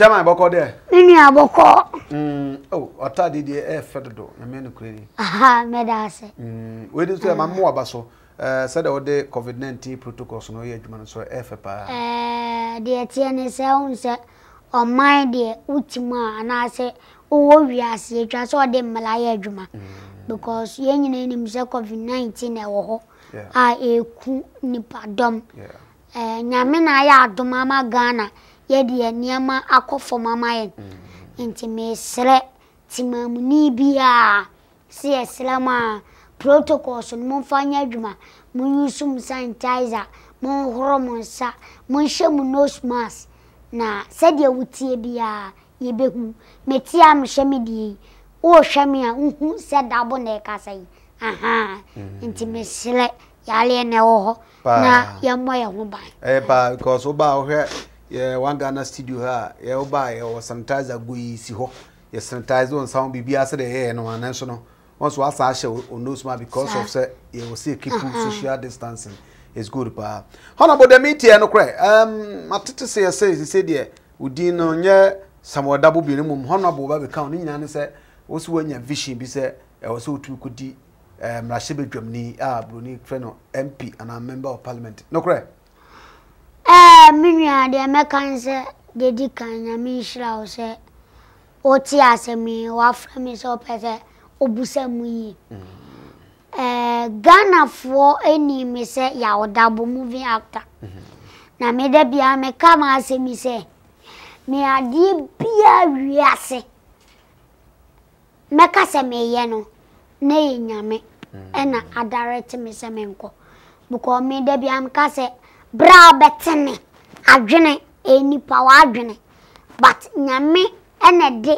chairman bɔkɔ dɛ. ne nua bɔkɔ. ɔta de deɛ ɛyɛ fɛ dodo na mɛ no kure ni. mɛ da ase. Mm, wei de nso yɛ maa mu waba so eh, sɛdeɛ wɔde covid nineteen protocols na ɔyɛ adwuma no so ɛyɛ eh, fɛ paa. Eh, deɛ tiɛ ne sɛ ɔn sɛ ɔman deɛ wotu a anaasɛ owó wiase atwa e sɛ ɔde mmala yɛ adwuma mm. because yɛn nyinaa e nim sɛ covid nineteen ɛwɔ e hɔ a ɛku nipadɔm nyame na ayɛ adom ama ghana. Yeah yɛde yɛ nneɛma akɔ fam ama yɛn nti mesrɛ temamuni biara sɛ yɛsrɛ m a protocols no momfa nyɛ adwuma monyusu m sanitizer monhoro mo nsa monhyɛ mu nose mask na sɛdeɛ wotie biara yɛbɛhu metie a mehyɛ me deɛ yi wohwɛ me a wohu sɛ dabo na ɛkasa yi aha mm. nti mesrɛ yɛaleɛ na ɛwɔ hɔ na yɛmmɔ yɛ ho ban ɛba because wobaa yɛ one ghana studio ha yɛwɔ ba yɛwɔ sanitizer gu yi si hɔ yɛ sanitizer wɔn nsa wɔn biribi ase de yɛyɛ no anan so no wɔn so asa ahyɛ wɔn nose ma because of sɛ yɛwɔ sɛ keep uh-uh. social distancing is good paa hɔnabɔ dɛm iti yɛ no korɛ ɛɛm matete sɛ yɛ sɛ sɛ deɛ odin no nyɛ samuel dabo bi ne mu hɔnabɔ ba bi ka ne nyinaa ne sɛ wɔsi wɔnya vision bi sɛ ɛwɔ sɛ wotumi kodi ɛɛ mmarahyɛbadwamni a buroni fɛ no mp anaa member of parliament no korɛ. ee me nua deɛ mɛka n sɛ deɛ di kan nyame nhyira wo sɛ wote asɛm yi wafrɛ me eh, sɛ wopɛ sɛ wobusa mu yie ghanafoɔ ani me sɛ yɛawodabo moving actor na meda biara meka ma asɛm yi sɛ meadeɛ biaa wie ase mɛka sɛ meyɛ no na yɛ nyame ɛna mm. adarete me sɛ menkɔ because meda biara meka sɛ bere a wobɛte ne adwene nipa but nyame ɛna de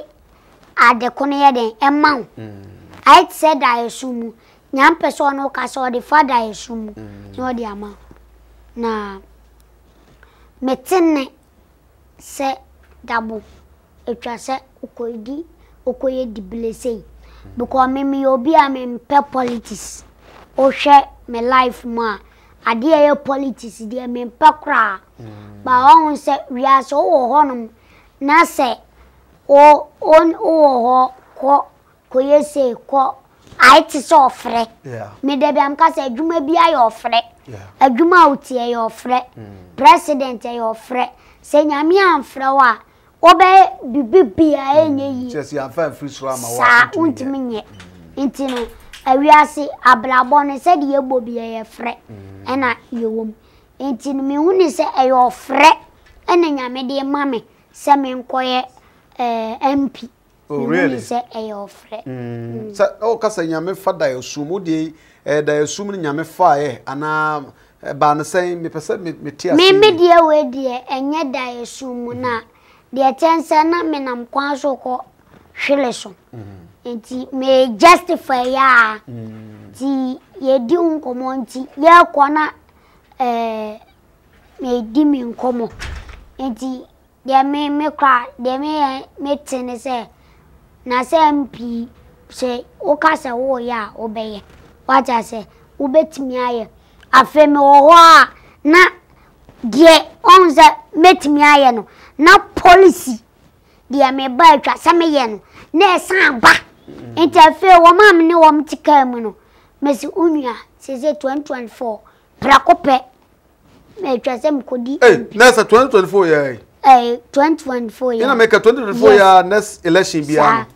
adeko no yɛ den ɛma wo mm. ayɛ te sɛ da yɛsu mu nyame pɛ sɛ ɔno woka ɔde fa da yɛsu mu mm. na ɔde ama wo na mete ne sɛ dabo atwa sɛ wokɔdi wokɔyɛ dibile sei mm. because meme yɛ obi a mempɛ politics wohwɛ me life mu a adeɛ yɛ politics deɛ mempɛ koraa ba ɔho sɛ wiase wowɔ hɔnom na sɛ wowɔ hɔ kɔ kɔyɛ sei kɔ ayɛ te sɛ ɔfrɛ meda bia mka sɛ adwuma bia yɛ ɔfrɛ adwuma a wotie yɛ ɔfrɛ president yɛ ɔfrɛ sɛ nyame amfrɛ wo a wobɛyɛ biribi bia ɛnyɛ mm. yi saa wontumi nyɛ mm. nti ewiase abrabɔ no sɛdeɛ yɛbɔ bi yɛyɛ frɛ mm. ɛna yɛwɔ mu nti no mehu ne sɛ ɛyɛ ɔfrɛ ɛna nyame de ma me sɛ menkɔyɛ eh, mp oh, mehu sɛ ɛyɛ ɔfrɛ mm. Mm. sɛ ɔka sɛ nyame fa dayɛsum wode eh, dayɛsum no nyame faeɛ anaa eh, baa no sɛn mepɛ sɛ mete ase meme deɛ wei deɛ ɛnyɛ dayɛsum mu no mm-hmm. deɛ kyɛn sɛ na menam kwan so kɔ hwele so mm-hmm nti mee justify ya nti yɛdi nkɔmɔ nti yɛkɔ na ɛɛ eh, meedi mi nkɔmɔ nti deɛ me me kora deɛ me yɛ me te ne sɛ na sɛ mpi sɛ woka sɛ woyɛ a wobɛyɛ wagya sɛ wobɛtumi ayɛ afei mewɔ hɔ a na deɛ ɔhu sɛ mɛtumi ayɛ no na policy deɛ meba atwa sɛ meyɛ no na ɛsan ba nti afei wɔn a ne wɔn te kaa mu no mesi onua sese twenty twenty four prako pɛ mɛtwa sɛ mkodi. ee nɛɛsa twenty twenty four yɛ. ɛɛ twenty twenty four yɛ. ɛna mɛka twenty twenty four yɛ next election bi ano.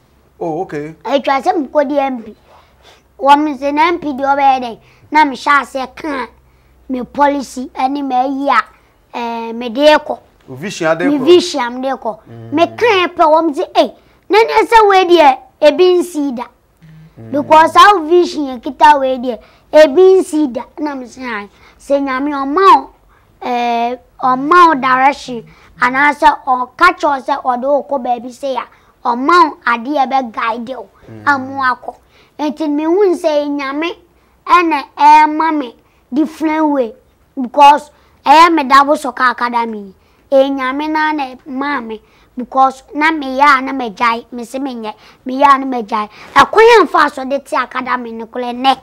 oh okay. ɛtwa sɛ mkodi mp wɔn sɛ na mp deɛ ɔbɛyɛ dɛ na mehyɛ aseɛ kan me policy ɛne mɛyi a ɛɛ mɛde kɔ. vision ade kɔ vision de kɔ mɛkan pɛ wɔn ti ee nane sɛ wei ebi nsi da because our vision kita wee deɛ ebi nsi da na m si ha sɛ nyame ɔma ɛɛ ɔma direction anaasɛ ɔka kyerɛ sɛ ɔde ɔkɔ baabi sɛ ya ɔma adeɛ bɛ guide o amu akɔ nti mehu sɛ nyame ɛna ɛɛma me different way because ɛyɛ eh, me dabo so kaakada mi yi enyame naa na ɛma me. because na meyɛ ya na megyae mese menyɛ na megyae ɛkwan a mfa so de te ne no korɛ nɛ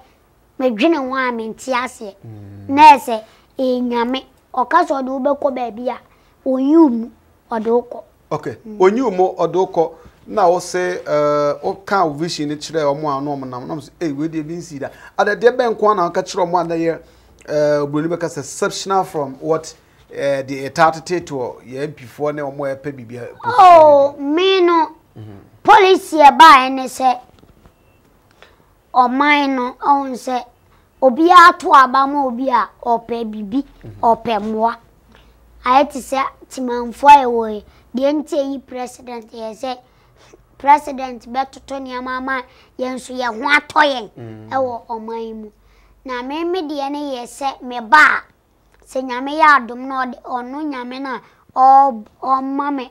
medwene ho a mm. na ɛsɛ ɛnyame e ɔka sɛ ɔde wobɛkɔ baabi a ɔnyi wo okay mm. na wo se uh, eh, ɔka wo vision no kyerɛ ɔmo na ɔmo nam na na eh, exceptional from what Eh, de ɛtaatete to yɛn mpifoɔ ne wɔn ɛpɛ biribi oo oh, me no mhm. polisi ɛbaeɛ ne sɛ ɔman no ɔhun sɛ obiara to aba ma obi a ɔpɛ biribi mhm. ɔpɛ mmoa ayɛ te sɛ temanfoɔ a ɛwɔ yi deɛ nti eyi president yɛ sɛ president bɛtoto nneɛma ama yɛn nso yɛn ho atɔ yɛn mhm. ɛwɔ ɔman mu na mmemme deɛ ne yɛ sɛ me baa. sɛ nyame yɛ adom na ɔde ɔno nyame na ɔma me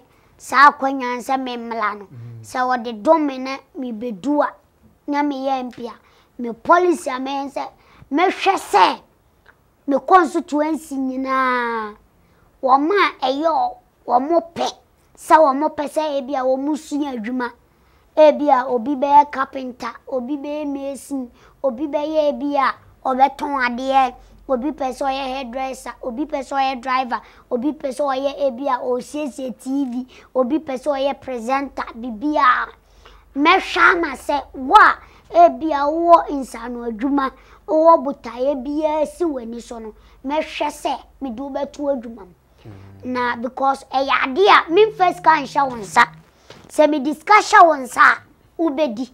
saa akwanya sɛ memmla no mm. sɛ ɔde dom me na mebɛdu a na meyɛ mpi a me policy a mɛyɛ sɛ mɛhwɛ sɛ me constituency nyinaa wɔn a ɛyɛ wɔn pɛ sɛ wɔn pɛ sɛ ebi a wɔn so yɛ adwuma ebi a obi bɛyɛ carpenter obi bɛyɛ mason obi bɛyɛ ebi a ɔbɛtɔn adeɛ obi pɛ sɛ ɔyɛ hairdresser obi pɛ sɛ ɔyɛ driver obi pɛ sɛ ɔyɛ ebi a ɔresiesie tv obi pɛ sɛ ɔyɛ presenter bibi a mɛhwɛ ama sɛ wo a ebi a wowɔ nsano adwuma wowɔ botaeɛ biara si w'ani so no mɛhwɛ sɛ mede wobɛto adwuma mu na because ɛyɛ adeɛ a memfa sika nhyɛ wo nsa sɛ mede sika hyɛ wo nsa a wobɛdi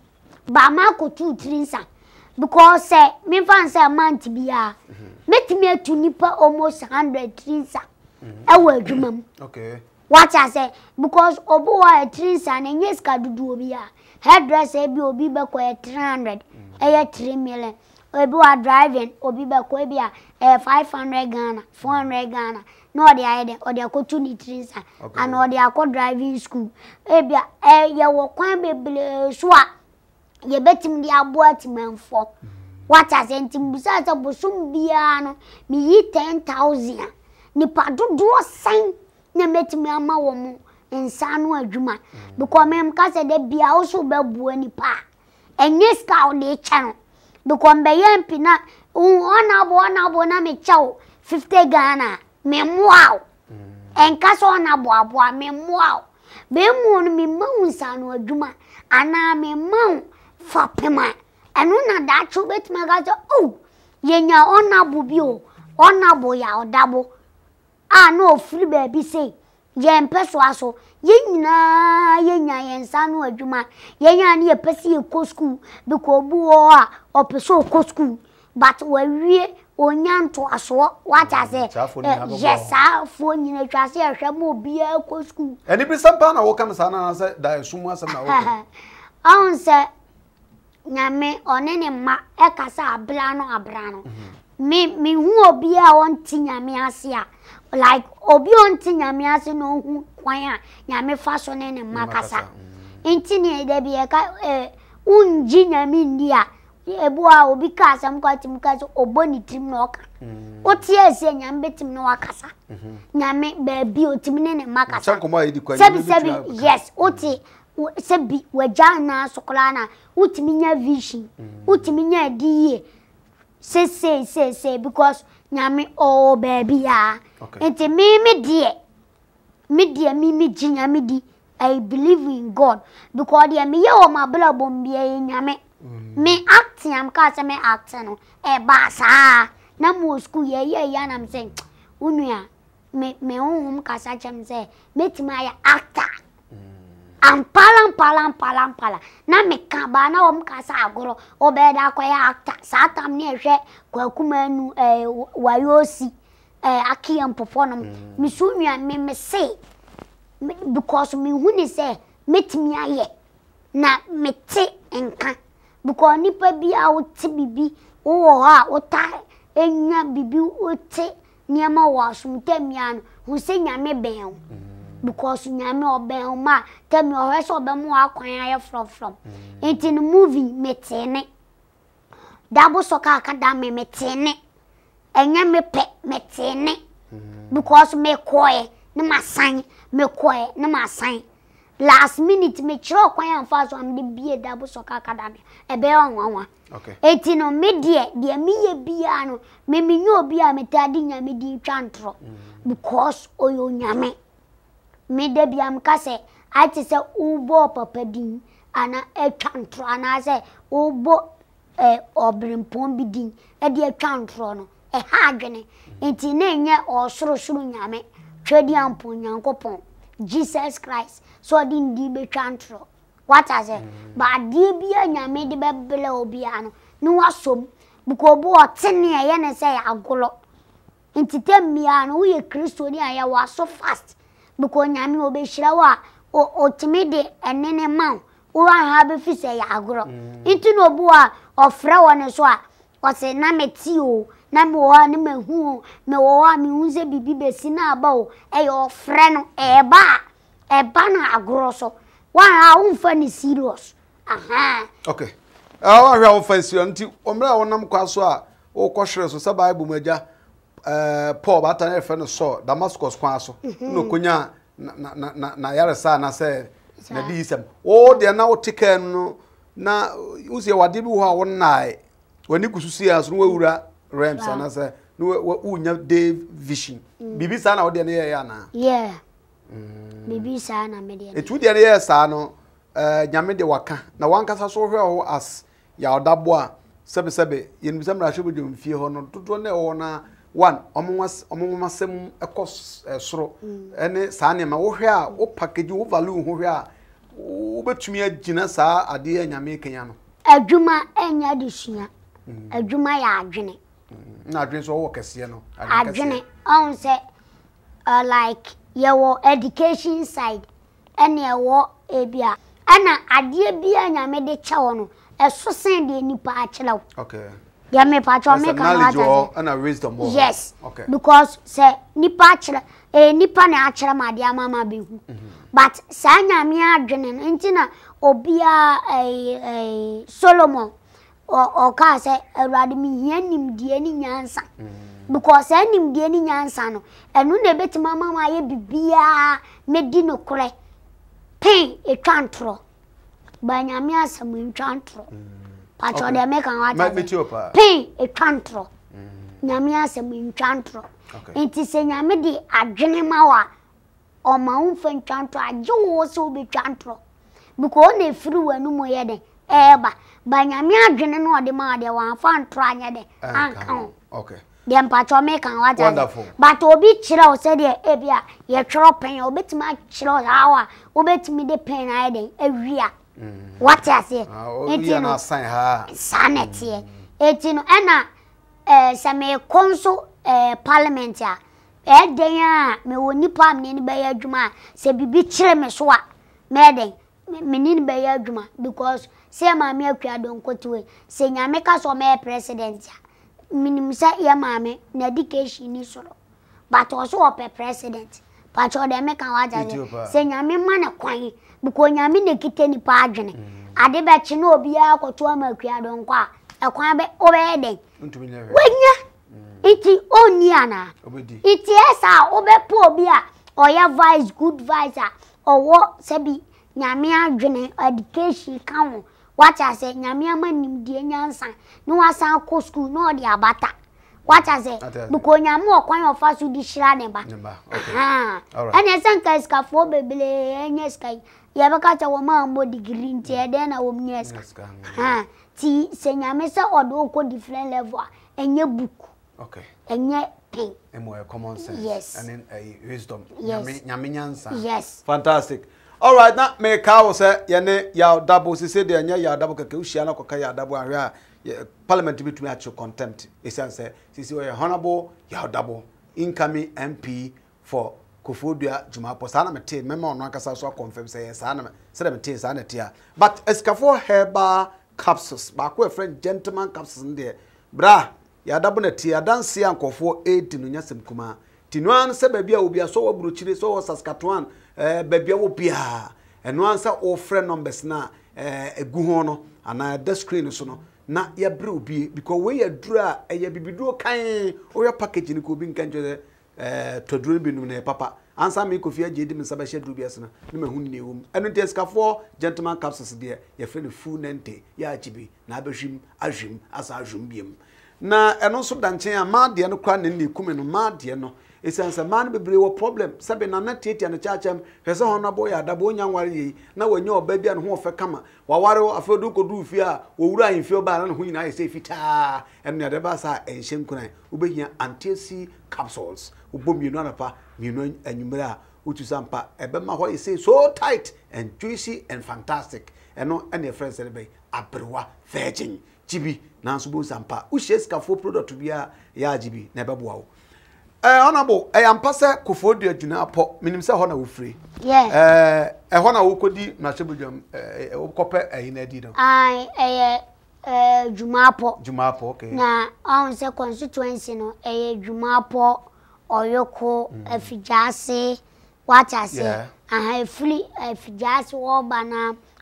baama akɔtuo tiri nsa because sɛ memfa nsɛ mante biara mɛtumi atu nipa almost hundred tiri nsa mm-hmm. ɛwɔ adwuma mu wata sɛ because obi wɔ ɛtiri nsa na nye sika dudu obi a hairdresser bi obi bɛkɔ yɛ three hundred mm. ɛyɛ three million obi driving obi bɛkɔ ebi a ɛyɛ five hundred ghana four hundred ghana na ɔde ayɛ dɛ ɔde akɔtu ne tiri nsa ana ɔde akɔ school ebi a ɛyɛ wɔ kwan bebree so a yɛbɛtumi de aboa wata sɛ nti mbisa sɛ bosom biara no meyi ten thousand a nipa dodoɔ sɛn na mɛtumi ama wɔn nsa no adwuma because mɛm kasa dɛ bia woso bɛbua nipa ɛnyɛ sika a wɔde kyɛ no because mbɛyɛ mpi na ɔnabɔ ɔnabɔ na mekyɛ wo fifty ghana mɛmoa wo hmm. ɛnkasa ɔnaboaboa mɛmoa wo bɛmu no mɛma wo nsa no adwuma anaa mɛma wo fapem a. ɛno na daakye wobɛtumi aka sɛ yenya yɛnya bu bi o ɔnabo yɛ ɔdabo a na ɔfiri baabi sei yɛn mpɛ so aso yɛn nyinaa yɛnya yɛn nsa ano adwuma yɛnya ne yɛpɛ sɛ yɛkɔ sukuu biko obi wɔ hɔ a ɔpɛ sɛ ɔkɔ sukuu but wawie onya ntoasoɔ wata sɛ yɛ saa afoɔ nyina twa sɛ yɛhwɛ ma obiara kɔ sukuu ɛne bi na wɔka no saa na sɛ da ɛsom asɛm na wɔka ɔhu sɛ nyame ɔne ne mma ɛkasa abla no abra no mhm. me me hu obi a ɔnte nyame ase a like obi ɔnte nyame ase na ɔhu kwan a nyame fa so ne ne ma kasa mhm. nti ne ɛda bi ɛka ɛɛ ungyi nyame ndi a ebu a obi ka asɛm kɔ tim ka so ɔbɔ ne tirim na ɔka wote mhm. ɛsɛ nyame bɛtim na wakasa nyame baabi otim ne ne mma kasa sɛbi sɛbi yes wote. Mm -hmm sɛ bi wagya anaa so koraa na wotumi nya vision wotumi nya adi yie seesei seesei because nyame ɔwɔ baabi aa nti mimi deɛ mi deɛ mimi gye nyame di i believe in god because deɛ meyɛ wɔ ma abalabɔ mbea yɛ nyame me act am kaa sɛ me act no ɛbaa saa na mo wɔ sukuu yɛyɛ yɛ anam sɛ wo me me honhom kasa kyɛm sɛ mɛtumi ayɛ actor. ampala mpala mpala mpala na meka baa na wɔm kasa agorɔ wɔbɛyɛ de akɔyɛ actor saa tam ne ɛhwɛ kwakuma nu ɛɛ eh, wayosi ɛɛ eh, akeyɛ mpɔfɔ nom mm. misu nua mi mi se because mi hu ne sɛ metumi ayɛ na mi te nka because nipa bi a wote bibi wowɔ hɔ a wota enya bibi wote nneɛma wɔ asomtɛmia no ho sɛ nyame bɛn o. Mm -hmm. because nyame ɔbɛn mu a tẹmi ɔhɛ sɛ ɔbɛn mu akwan ayɛ frɔmfrɔm nti no movie mete ne dabo sɔ kaa kada mi mete ne ɛnyɛ mi pɛ mete ne because mi kɔɛ ne ma san mi kɔɛ ne ma san last minute mi kyerɛ ɔkwan yɛn fa so a mi de bie dabo sɔ kaa kada mi ɛbɛyɛ ɔnwanwa eti no mi deɛ deɛ mi yɛ biara no mi mi nyɛ obi a mi ta di nyame di twa ntorɔ mm. because Oyo Nyame. Mm meda bia mka sɛ ate sɛ wobɔɔ papa din ana atwa ntorɔ anaasɛ wobɔ ɔberempɔn bi din de atwa ntorɔ no ɛha adwene nti na ɛnyɛ ɔsorosoro nyame twɛdi ampo nyankopɔn jesus christ sɛ ɔde ndi bɛtwa ntorɔ wata sɛ mm. ba adeɛ bia nyame de bɛbrɛ obiara no ne wasom bukɔ obi ɔtene ɛyɛ ne sɛ yɛ agorɔ nti tɛ mmea no woyɛ kristoni a yɛwɔ aso fast because nyame wɔbɛhyira wo a ɔtumi de ɛne ne ma wo woanha bɛfi sɛ yɛ agorɔ mm. nti na obi a ɔfrɛ wɔ so a ɔsɛ na mete o na mewɔ a ne mahu o mewɔ hɔ a mehu sɛ biribi bɛsi no aba o ɛyɛ ɔfrɛ no ɛɛba a ɛba no agorɔ so womfa ne serious a womfa a wonam kwa so a wokɔhwerɛ so sɛ mu Eh, paul baata ne yɛfrɛ no saul damascus kwan so mhm. na okonya na na na yaresa na sɛ na di isɛm o deɛ na wote kaa no na wosie wadeɛ bi wɔ hɔ a wonae w'ani kusu sie a so na wawura rams anaasɛ na wonya day vision mm. biribi saa na o wodeɛ no yɛyɛ anaa mm. biribi saa na medeɛ etu deɛ ne yɛyɛ saa no eh, nyame de waka na wankasa so wohwɛ wo as yɛwɔdabo a sɛbesɛbe yɛnimsɛ mmarahyɛ bɛdwamfie hɔ no dodoɔ na ɛwɔ no one ɔmo asɛm ɛkɔ soro ɛne mm. saa nneɛma wohwɛ a wo package wo value ho hwɛ a wobɛtumi agyina saa adeɛ nyame kenya no adwuma ɛnyɛ sua. Mm. adwuma yɛ adwene mm. na adwene nso ɔwɔ kɛseɛ no adwene ɔhu sɛ uh, like yɛwɔ education side ɛne ɛwɔ ebi a ɛna adeɛ bi a nyame de kyɛ wɔ no ɛso sen deɛ nipa akyerɛ wo deɛ mepa kyɛ ɔmeka no agya yes okay. because sɛ nipa akyerɛ eh, nipa na akyerɛ ma adeɛ ama ma bɛhu mm-hmm. but saa nyame adwene no nti na obia eh, eh, solomon ɔkaa sɛ awurade mehia nimdeɛ ne nyansa mm -hmm. because saa nimdeɛ ne nyansa no ɛno na ɛbɛtumi mama ma ayɛ biribiaa di no korɛ pen ɛtwa ntorɔ ba nyame asɛm ntwa mm -hmm patro okay. de meka wata metio pa pe etwantro mm. nyame asem ntwantro okay. enti se nyame de adwene ma wa ɔma wo mfa ntwantro agye wo sɛ wobɛtwantro bikɔ wo na ɛfiri w'anomu yɛ den ɛɛba ba nyame adwene no ɔde ma deɛ wɔamfa ntoro anyɛ den anka wo deɛ mpatwɔ meka wata but obi kyerɛ wo sɛdeɛ ebi a yɛtwerɛ pɛn a wobɛtumi akyerɛ wo saa wo a wobɛtumi de pɛn ayɛ den awia wate aseɛ nti no saa na ɛteɛ nti no ɛna mm-hmm. eh, sɛ meekɔ nso eh, parliament a ɛdɛn a mewɔ nipa a mene no bɛyɛ adwuma a sɛ biribi kyerɛ me so a mɛɛdɛn mene no bɛyɛ adwuma because sɛ maame akua dɔnkɔtiwe sɛ nyame ka sɛ ɔmɛyɛ president a menim sɛ yɛ maame na dedication ni soro but ɔso ɔpɛ president meka sɛ nyame ma ne kwan because nyame na ekita nipa adwene mm. ade bɛkye na obiara akɔto ama akua donkɔ a ɛkwan bɛ ɔbɛyɛ dɛn wɔnyɛ mm. nti ɔnni anaa nti ɛsɛ a ɔbɛpɔ obi a ɔyɛ vice good vice a ɔwɔ sɛbi nyame adwene education ka ho wate asɛ nyame ama nimdeɛ nyansa na wasan kɔ sukuu na ɔde abata wate asɛ biko nyame ɔkwan ɔfa so de hyira ne ba ɛnɛ sɛ nka ska. bebree ɛnyɛ sika yi yɛbɛka kyɛ wɔn a wɔn digiri nti ɛdɛn na wɔn nyɛ sika hàn sɛ nyame sɛ ɔde okɔ different level a ɛnyɛ book ɛnyɛ pen. emu ɛ common sense yes ɛni ɛ eh, wisdom yes nyame nyame nyansa yes fantastic All right, na meka awo sɛ yɛne yadabo sise deɛ ɛnyɛ yadabo kɛkɛ ohyia na kɔka yadabo ahwɛ a parliament bi tumi akyerɛ contempt esan sɛ sisi honorable honourable yadabo incoming mp for kofo dua dwumapɔ saa na metee mɛma ɔno ankasa so akɔnfam sɛ yɛ saa na sɛdɛ metee saa na te a but asikafoɔ herbal capsules baako yɛfrɛ gentleman capsules no deɛ bra yɛadabo na tie adanse a nkɔfoɔ ɛdi no nyasɛm kumaa nti noa no sɛ baabi a wobia sɛ wɔ burokyire sɛ wɔ saskatoan eh, baabi a wɔ biaa ɛnoa sɛ wɔfrɛ numbers na, a ɛgu eh, ho no anaa ɛda screen so no na yɛbrɛ obie because wei yɛ duro a ɛyɛ bibiduro kan woyɛ package no ka obi nka nkyerɛ ɛɛ eh, tɔduro binom na yɛ papa ansa mi kofi agye di mi nsa bɛhyɛ duro bi ɛsena ne ma hu ne ewom ɛno nti esikafoɔ gentleman capsules deɛ yɛfrɛ no fu nante yɛ akyibi na abɛhwim ahwim asa ahwim biem na ɛno nso da nkyɛn a maa deɛ no kora ne ne kum no maa deɛ no ɛsiane sɛ mmaa no bebree wɔ problem sɛbe nana tiatia no kyaakyɛm hwɛ sɛ hɔn abɔ yɛ adabɔ onya nware yei na wɔnyɛ ɔba bi a ne ho ɔfɛ kama waware afei ɔde kɔduru fie a wɔwura ahemfie ɔbaa na ne ho nyinaa yɛ sɛ fitaa ɛno neade baa sɛ a ɛnhyɛ nkunan wobɛhia antiasi capsules wobɔ mmienu anapa mmienu anwummerɛ a wotu sa mpa ɛbɛma e, hɔ yɛ sɛ so tight and juicy and fantastic ɛno ɛne ɛfrɛ sɛ no bɛyi aberewa virgin gyibi nanso bohu sa mpa wohyia sikafoɔ product biara yɛ agyibi na ɛbɛboa wo Eh honorable, eh ampa sɛ Kofo di adwuna apɔ. Minim sɛ hɔ na wofiri. Eh, eh eh na na hyebudwam eh na di no. Ai eh eh okay. Na ɔn sɛ constituency no eh Oyoko mm. Yeah. Aha efiri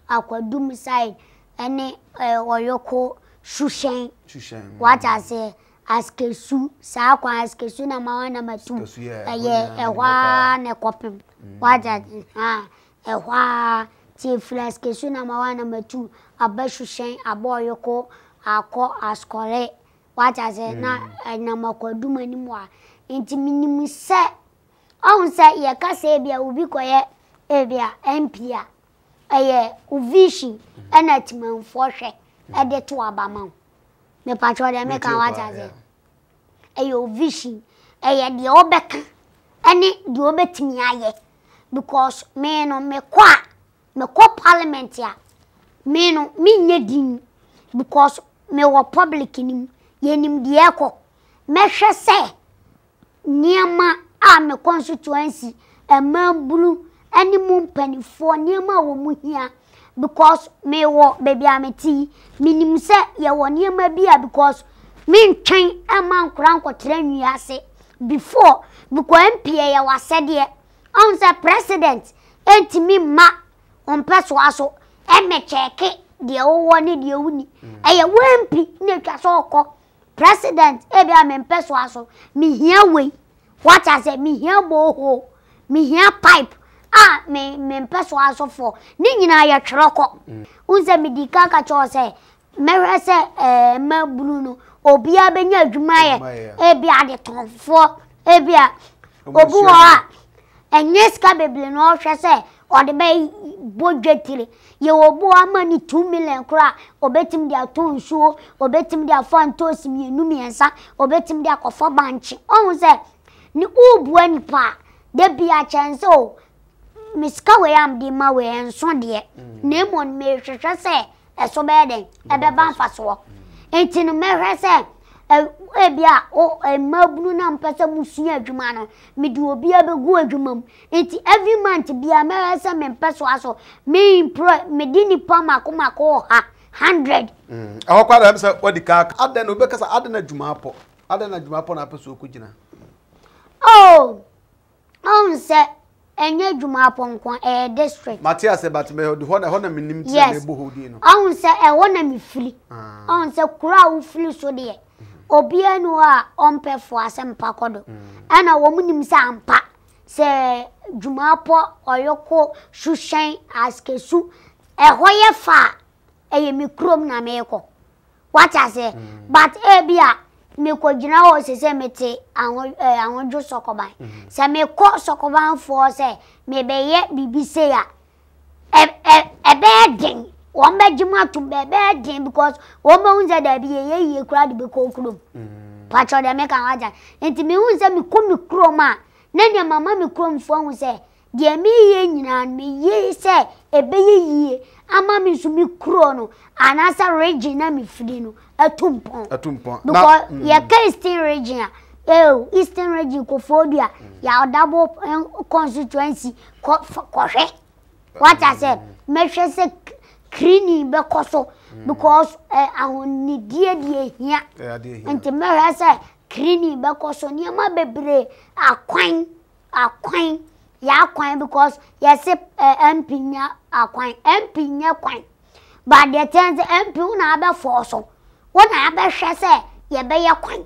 Akwadum side eh Oyoko Shushen. Shushen. askesu saa kwa askesu na ma wɔn nama tum ɛyɛ ɛhwaa na ɛkɔpem wagya ha ɛhwaa eh, ti efiri askesu na ma wɔn nama tum abɛhyehyɛn abɔɔyoko akɔ askɔre wagya sɛ mm. na ɛnam eh, ni anim a nti minim sɛ ɔhun sɛ yɛka sɛ ebi a obi kɔyɛ ebi a e mp a ɛyɛ ovision ɛna e timanfoɔ hwɛ ɛde e to abama ne patro de meka wajaze ɛyɛ vision ɛyɛ deɛ ɔbɛka ɛne deɛ ɔbɛtumi ayɛ because me no mekɔ a mekɔ parliament a me no menyɛ din because mewɔ public nim yɛnim deɛ ɛkɔ mɛhwɛ sɛ nneɛma a me constituency ɛmaa bulu ɛne e mu mpanimfoɔ nneɛma a wɔn mu hia because me wɔ baabi a me ti minim sɛ yɛwɔ nneɛma bi a because me ntwɛn ɛma nkora nkɔtera nnua ase before because mpia yɛwɔ asɛdeɛ ɔn sɛ president ntumi ma ɔmpɛ so aso ɛmɛ kyɛɛke deɛ wowɔ ne deɛ wuni mm. ɛyɛ wempi na atwa so ɔkɔ president ebi a mempɛ so aso mihia wei wata sɛ mihia boho mihia pipe a mempɛ so asɔfoɔ ne nyinaa yɛtwerɛ kɔ mm. wohu sɛ medi ka ka kyɛw sɛ mɛhwɛ sɛ eh, ma bunu no obiaa bɛnya adwuma yɛ ebi adetɔnfoɔ ebi a obi wɔ a ɛnyɛ sika bebree na ɔhwɛ sɛ ɔde bɛbɔ dwa tire yɛwɔ bo ama ne two million koraa obɛtumi de ato nsuo obɛtumi de afa ntoosi mmienu mmiɛnsa obɛtumi de akɔfɔ bankye ɔhu sɛ ne wobua nipa a da bi akyɛn sɛ o mesika wei a mede ma wei nso mm. e deɛ e, e na mmom mehwehwɛ sɛ ɛso bɛyɛ den ɛbɛba mfasoɔ nti no mɛhwɛ sɛ ebi a mmabunu na mpɛ sɛ musua adwuma no mede obi abɛgu adwuma mu nti every month bia mɛhwɛ sɛ mempɛ soa so meimpro mede nnipa makomako wɔ ha hundred. ɛhɔ kɔ adam sɛ wɔde kaa adan na obɛka sɛ adan na adwuma apɔ adan na adwuma apɔ na apɛ so enye dwuma apɔnkɔ ɛyɛ eh, district. mate eh, ah, eh, ah. ah, mhm. ase bat mɛ hɔ na hɔ na menim ti na mɛbɔ hɔ die no. ɔhun sɛ ɛhɔ na mefiri ɔhun sɛ kuro a wofiri so deɛ obiara ni hɔ a ɔmpɛ fo asɛ mpa kɔ do ɛna wɔn nim sɛ ampa sɛ dwuma apɔ ɔyɔko suhyɛn askesu ɛhɔ yɛ fa ɛyɛ mi kurom na mɛkɔ wate ase mm. but ebi a mekɔgyina hɔ sɛ sɛ mete ahwodwo sɔkɔban sɛ mekɔ sɔkɔbanfoɔ sɛ mebɛyɛ biribi sei a ɛbɛyɛ den wɔn bɛgye mu atom bɛbɛyɛ den because wɔn bɛhu sɛ daabi yɛyɛ yie koraa de bɛkɔ kurom patwɛ deɛ meka wagya nti mehu sɛ mekɔ me kurom a na nneɛma ma me kuromfoɔ hu sɛ deɛ meyɛ nyinaa no meyie sɛ ɛbɛyɛ yie ama me nso me kuro no anaasɛ region na mefiri no ato mpɔn because mm. yɛka eastern region a eo eastern region kofoɔ du a mm. yɛadabo constituency kɔhwɛ wata sɛ mm. mɛhwɛ sɛ cleaning bɛkɔ so because ahonidie deɛ hia nti mɛhwɛ sɛ cleaning bɛkɔ so nneɛma bebree akwan akwan yɛ akwan because yɛsi ɛ mp nyɛ akwan mp nyɛ kwan but deɛ kyɛn sɛ mp wo na abɛfɔɔ so wo na abɛhwɛ sɛ yɛbɛyɛ kwan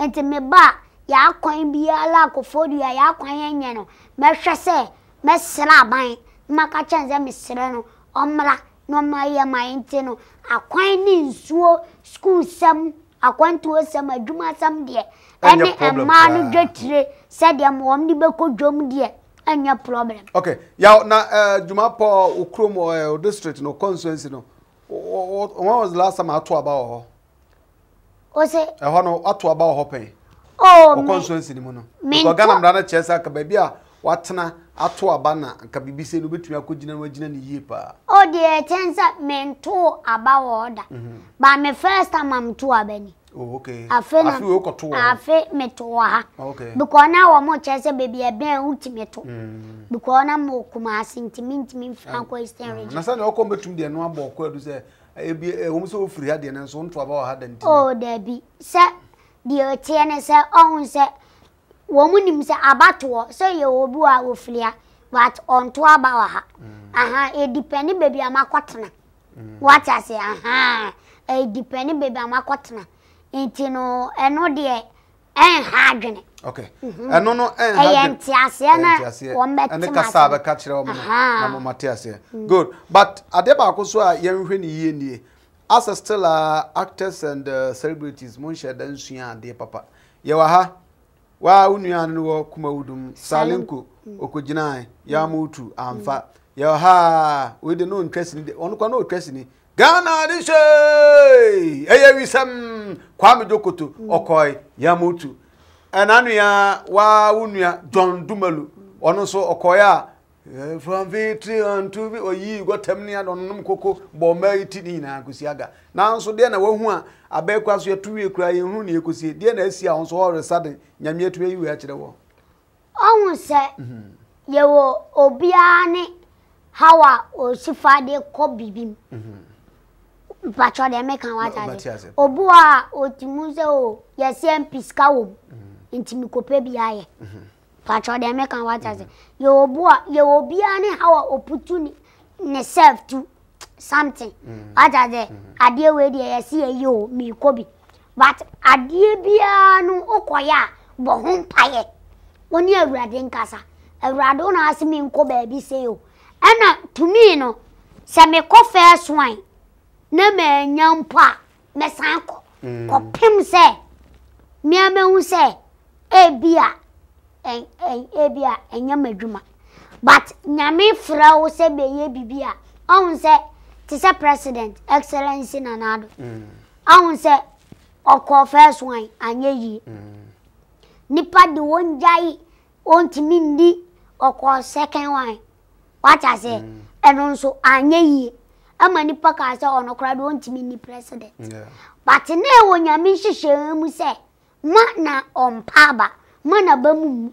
nti me ba yɛ akwan biara akɔfo dua yɛ akwan yɛ nyɛ no mɛhwɛ sɛ mɛsra aban mmaka kyɛn sɛ mesrɛ no ɔmmra na ɔma yɛ ma nti no akwan ne nsuo sukuu sɛm akwantuo sɛm adwuma sɛm deɛ ɛne mmaa no dwa tire sɛdeɛ ma wɔn de bɛkɔ dwam deɛ ɛnyɛ problem okay yaw na uh, eh, pɔ wo kurom uh, eh, district no constituency no when was the last time ato aba wɔ hɔ ɔsɛ ɛhɔ no ato aba wɔ hɔ pɛn oh me constituency ni mu no because ghana mmara ah, no kyerɛ sɛ aka baabi a watena ato aba na nka biribi sɛ no wobɛtumi akɔgyina no agyina no yie paa ah. ɔdeɛ oh, ɛkyɛn sɛ mentoo aba wɔ hɔ da mm-hmm. ba me first time amto aba ni Oh, okay. Afe na afe wo kɔto wɔ. Afe ah, meto wɔ ha. Okay. Bikɔ na wɔn mo kyerɛ sɛ beebi ɛbɛn ɛho ti mi to. Mm. Bikɔ na mo kumasi ntumi ntumi nfa nkɔ eh. eastern region. Na sani ɔkɔ mbɛtum deɛ no abɔ ɔkɔ ɛdu sɛ ebi ɛwɔm sɛ ofiri ha deɛ ne nso ntoaba wɔ ha dantɛ. Oo dabi sɛ deɛ ɔteɛ ne sɛ ɔhun sɛ wɔn mu nim sɛ abatoɔ sɛ yɛ obi a ofiri ha but ɔntoaba wɔ ha. Aha edipɛ ne beebi a ma kɔ se aha edipɛ ne beebi a nti no ɛno deɛ ɛnha adwene okay mhm. ɛno no ɛnha adwene ɛyɛ na wɔn bɛtena ɛne kasa a bɛka kyerɛ wɔn na wɔn mate aseɛ mm. good but adeɛ baako so a yɛnhwɛ ne yie nie as a still uh, actors and uh, celebrities mo nhyɛ da nsua adeɛ papa yɛwɔ ha waa wo nua no wɔ kumawudum salenko mm. okogyinae yɛa mo wotu mm. amfa yɛwɔ ha a de no ntwa de ɔno kora no ɔtwa ghana adishe eyewisam kwame jokoto mm. ọkọị ya motu ya wa john dumalu nso ɔkɔɛ a eh, from victory unto oyi gɔtɛm temni adɔ koko bɔ ɔma yi ti ne aga na wahu a abɛɛkura so yɛto wie kura yɛn hu ne yɛkosie na asi a nso ɔresa de nyame atu ayi wei akyerɛ wɔ mpatsɔ deɛ mɛka wata de obu a otimu sɛ o yɛsɛ mpisika wɔm mm. nti mikope bi ayɛ mm-hmm. mpatsɔ deɛ mɛka wata de mm-hmm. yɛ obu a yɛ obiara ne ha wa oputu ne ne self to something wata de adeɛ wei deɛ yɛsi yɛyi o miiko bi but adeɛ biara no okɔyɛ a bɔ ho mpaeɛ awurade nkasa awurade wɔn baabi se o ɛna tumi no sɛ na manya mpo a mɛsan kɔ mm. kɔpem sɛ mmea mɛhu sɛ ebi a ebi a ɛnyɛ m'adwuma but nyame fira wo sɛ bɛyɛ bibi a ɔhu sɛ te sɛ president excellency nanado mm. ɔhu sɛ ɔkɔ first one anyɛ yie mm. nipa de wɔn gyae ɔntumi ndi ɔkɔ second one wata sɛ ɛno nso anyɛ yie. ama nipa ka sɛ ɔno do de ɔntumi ni president but na ɛwɔ nyame nhyehyɛ mu sɛ ma na ɔmpa aba ma na ba mu mu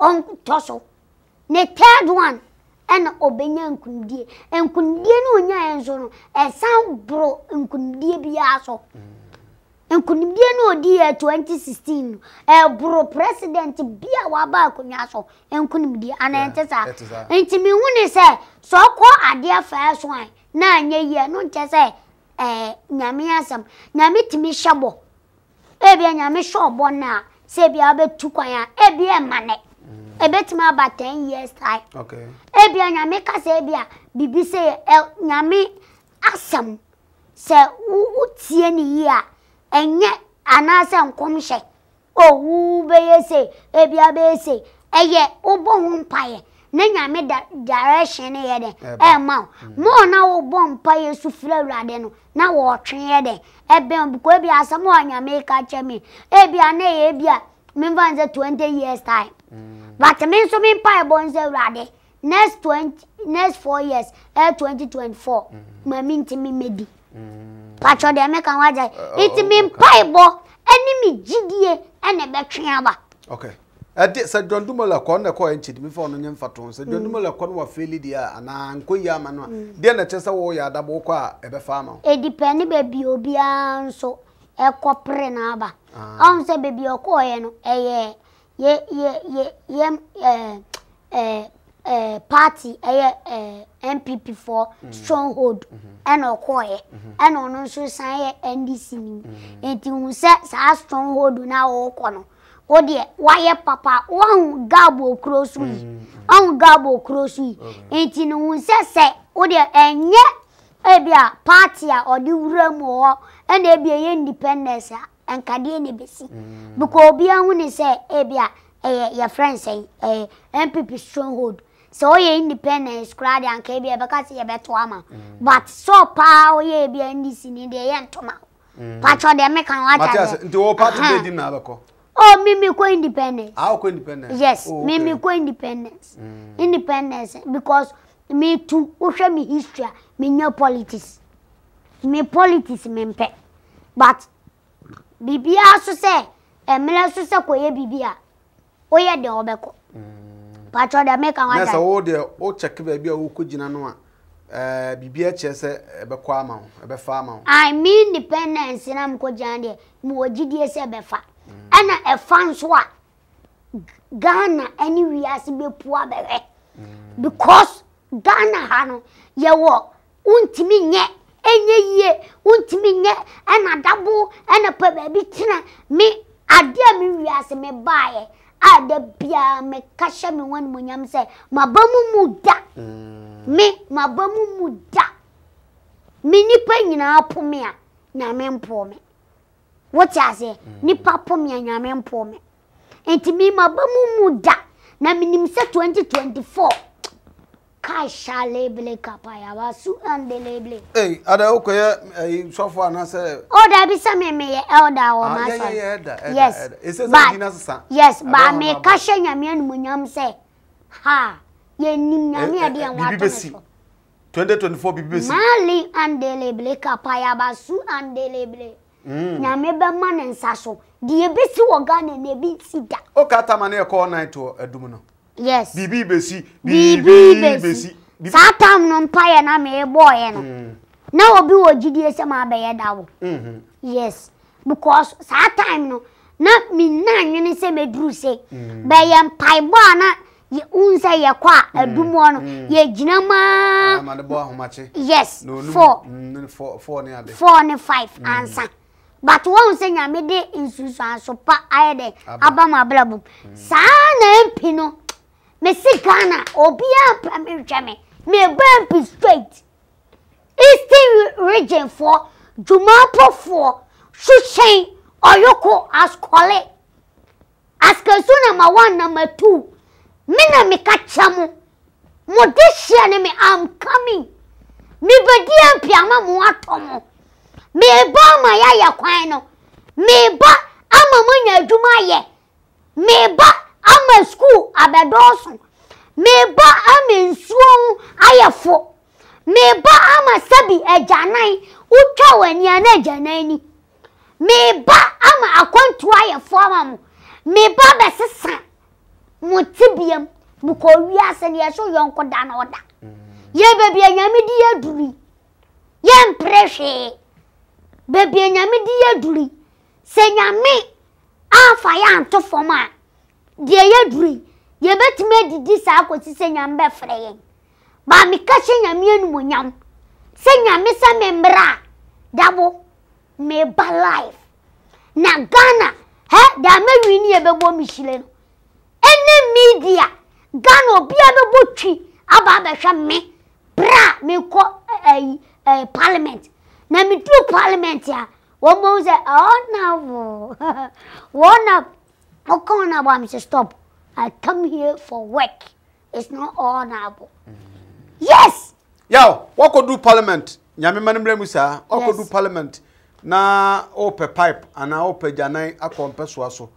ɔntɔ so ne third one ɛna ɔbɛnya nkunidie nkunidie no ɔnyaeɛ nso no ɛsan boro nkunidie biara so mm. nkunimdie no odi yɛ 2016 no ɛboro president bi a waba akonnwa so nkunimdie ana ɛnte saa nti mehu ne sɛ sɛ adeɛ fɛɛ so a na anyɛ yie no nkyɛ sɛ ɛɛ nyame asɛm nyame tumi hyɛ bɔ ebia nyame hyɛ ɔbɔ no a sɛ ebia ɔbɛtu kwan a ebia ɛma nɛ mm. ebetumi aba 10 years time ebia nyame kasa ebia bibi sɛ ɛ nyame asɛm sɛ wotie ne yie a. enye anaasɛ nkɔmhyɛ owu bɛyɛ se ebia bɛyɛ se ɛyɛ wobɔ ho mpaeɛ na nyame da direction no yɛ dɛ ɛma o ɔ na wobɔ mpaeɛ so firi awurade no na wɔɔtwe yɛ dɛ ɛbɛn o ebi asɛm a nyame ka kyɛ mi ebi a na yɛ ebi a memfa n twenty years time mm. but me nso me mpaeɛ bɔ n sɛ awurade next twenty next four years ɛyɛ eh, twenty twenty four maame mm. ntumi medi. Mm -hmm. patro deɛ meka ho agya nti mempaebɔ ɛne me gyidie ɛna ɛbɛtwe aba ɛde sɛ dwɔndomola kɔ na ɛkɔɔ ɛnkyɛ dimi fa ɔno nyɛ mfa to sɛ dwɔndomola kɔ no wafeeli deɛ a anaa nkɔyi ama no a deɛ na ɛkyɛ sɛ wɔyɛ adabɔ kɔ a ɛbɛfa ama wo ɛdipɛ ne baabi obiara nso ɛkɔ pere no aba ɔhu sɛ baabi ɔkɔɔyɛ no ɛyɛ yɛ yɛ yɛ yɛ ɛɛ ɛɛ party ɛyɛ ɛɛ uh, npp for mm. stronghold mm -hmm. ɛna ɔkɔɔyɛ mhm. ɛna ɔno nso san yɛ ndc mhm. nti sɛ saa na no deɛ wayɛ papa gaabo kuro so yi mhm. wahu gaabo kuro so yi nti no sɛ sɛ wo deɛ ɛnyɛ ebi a party a ɔde wura mu wɔ ɛna ebi independence a nkadeɛ na ebesi ne sɛ ebi a ɛyɛ yɛ friends ɛyɛ npp sɛ ɔyɛ independence koraa deɛ anka ebi ɛbɛka sɛ yɛbɛto ama mm. but sɛ paa ɔyɛ ebi ndc ni deɛ ɛyɛ ntoma patro deɛ meka no wakyɛ sɛ nti wɔ party bɛ oh mimi kɔ independence ah kɔ independence yes oh, okay. mimi kɔ independence mm. independence because me too, wohwɛ me history me menya politics me politics mempɛ but biribiara so sɛ mmerɛ so sɛ kɔyɛ biribi a woyɛ deɛ wɔbɛkɔ mm. patro de make one na so wo de wo check ba bia ko kugina no a ah. eh bibia eh, che se eh, eh, ebekọ ama wo ebefa ama wo i mean independence na mkogya de mu ogidie se ebefa ana efa nso a Ghana any wiase bepua bewe because Ghana ha no ye wo untimi nye enye yie untimi nye ana dabo ana pa baabi tena me ade a me wiase me baaye a da biya me kashe mi wani mu nyam sɛ ma ba mu mu da me ma ba mu mu da me nipa nyinaa po me a nyame mpo me wote ase hmm. nipa po me a nyame mpo me nti me ma ba mu mu da na minim sɛ 2024 kasha leble kapaya wa sunan de leble. Ee ada o koye eyi eh, sɔfo anase. O da bi sɛ mi mi yɛ elda eh, wɔ ah, ma sɔn. Yɛ yɛ ɛda ɛda ɛda ese sɛ di na sisan. Yes ba mi kasha nyamia numu nyam sɛ ha yɛ nim eh, nyamia de yɛn wa tɔn so. 2024 bibi besi. Maali andeleble kapaya ba su andeleble. Mm. Nyame bɛ ma ne nsa so. Deɛ ebi si wɔ Ghana na ebi si da. O ka ta ma ne yɛ kɔɔ nan to ɛdum no yes biribi besi biribi besi saa tam no mpa yɛ na meebɔɔyɛ no mm. na obi wɔ gyidie sɛ maabɛyɛ da wo mm-hmm. yes because saa time no na minna nwene sɛ mɛduru se mm. bɛyɛ mpaebɔ a na wohu sɛ yɛkɔ a mm. adumɔ no yɛgyina maa ah, yes four ne five ansa but wɔn sɛ nyame de nsunsuanso pa ayɛ dɛ abam abrabom saa na mpi no Me mesi ghana obiara mpa mi hwɛ me meba be straight eastern region foɔ dwumapofoɔ hyehyɛn ɔyoko Askole, askasu Number one Number two me na meka kyɛ mo mo de hyia ne me am coming mebɛdi ampi ama mo atɔ mo meba ama yaya kwan no Me meba ama moanya adwuma Me meba ama skul abɛdɔɔso meba ama nsuo ho ayɛ fo meba ama sɛbi agyanan wotwa w'ania na agyanan ni meba ama akwantuo ayɛ fo ama mo meba bɛsesa mo tibiam bukɔ wiase ne yɛso yɔnko da na ɔda mm. yɛ baabi anyame di yɛ duri yɛ mpere hwee baabi anyame di yɛ duri sɛ nyame amfa yɛ anto fam a deɛ yɛduru yi yɛbɛtumi adidi saa akɔsi sɛ nyame bɛfrɛ yɛn maame ka hyɛ nyame animonyam sɛ nyame sɛ memmerɛ a dabo meba life na ghana hɛ deɛ amɛwi ne yɛbɛbɔ mehyire no ɛne media ghana obia bɛbɔ twi aba abɛhwɛ me berɛ a mekɔ ɛyi ɛɛ parliament na meduru parliament a wɔn bɔ sɛ ɔnabo wɔn Not going now, I'm stop. I come here for work. It's not honorable. Yes. Yo, what could do parliament? Nyame manimre musa, what could do parliament? Na open pipe ana ope janai akompe so aso.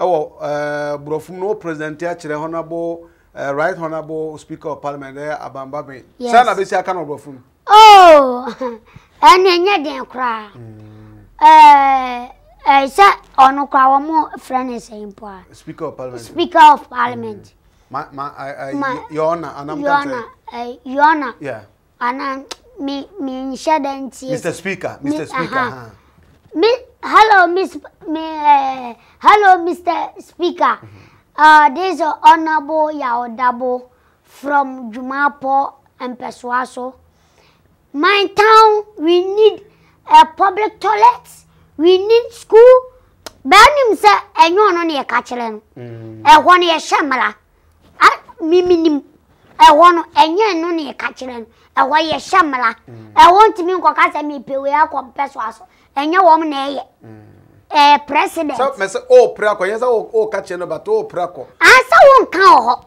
Ewo eh brofum no president ya kire honorable uh, right honorable speaker of parliament there eh, abamba me. Yes. Sana be sia kan brofum. Oh. Ene nya den kra. Mm. Eh Eh, sɛ ɔno kora wɔ mo frɛ ne sɛn po a speaker of parliament speaker of parliament mm. ma ma Your Honour, yɔna ana mi mi nhyɛ dɛ ntie mr speaker mr speaker uh mi hello miss mi ɛɛ eh, hello mr speaker uh, this Honourable honourable yaodabo from jumapo mpɛsoa so my town we need a public toilet we need school bɛnim sɛ ɛnyɛ ɔno ne yɛka kyerɛ no ɛhɔ no yɛhyɛ mmara miminim ɛhɔ no ɛnyɛ no ne yɛka kyerɛ no ɛhɔ yɛhyɛ mmara ɛhɔ ntumi nkɔka sɛ mepɛwe akɔ mpɛ so aso ɛnyɛ wɔm na ɛyɛ ɛɛ president. sɛ mɛ sɛ o pere akɔ yɛn sɛ o ka kyerɛ no but o pere akɔ. ansa wo nka wɔ hɔ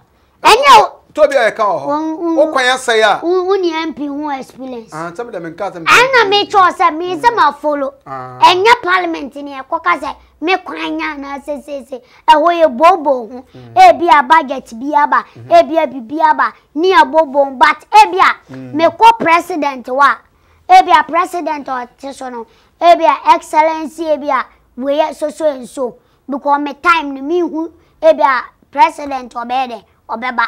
ɛnyɛ o tobi a yɛka wɔ hɔ wokwan asɛe a wo nea mpi ho experience sɛm dɛ menka sɛ ɛna mekyɛw sɛ meyɛ sɛ hmm. mafolo ah. ɛnyɛ parliament ne ɛkɔka sɛ me kwan nya anaasɛ seese ɛhɔ yɛ bobo ho hmm. ebi a budget bi aba hmm. ebi a bibi aba ne yɛ bobo ho but ebi a mekɔ president wa ebi a president ɔte so no ebi a excellency ebi a wɔyɛ soso nso because me time no mehu ebi a president ɔbɛyɛ dɛ ɔbɛba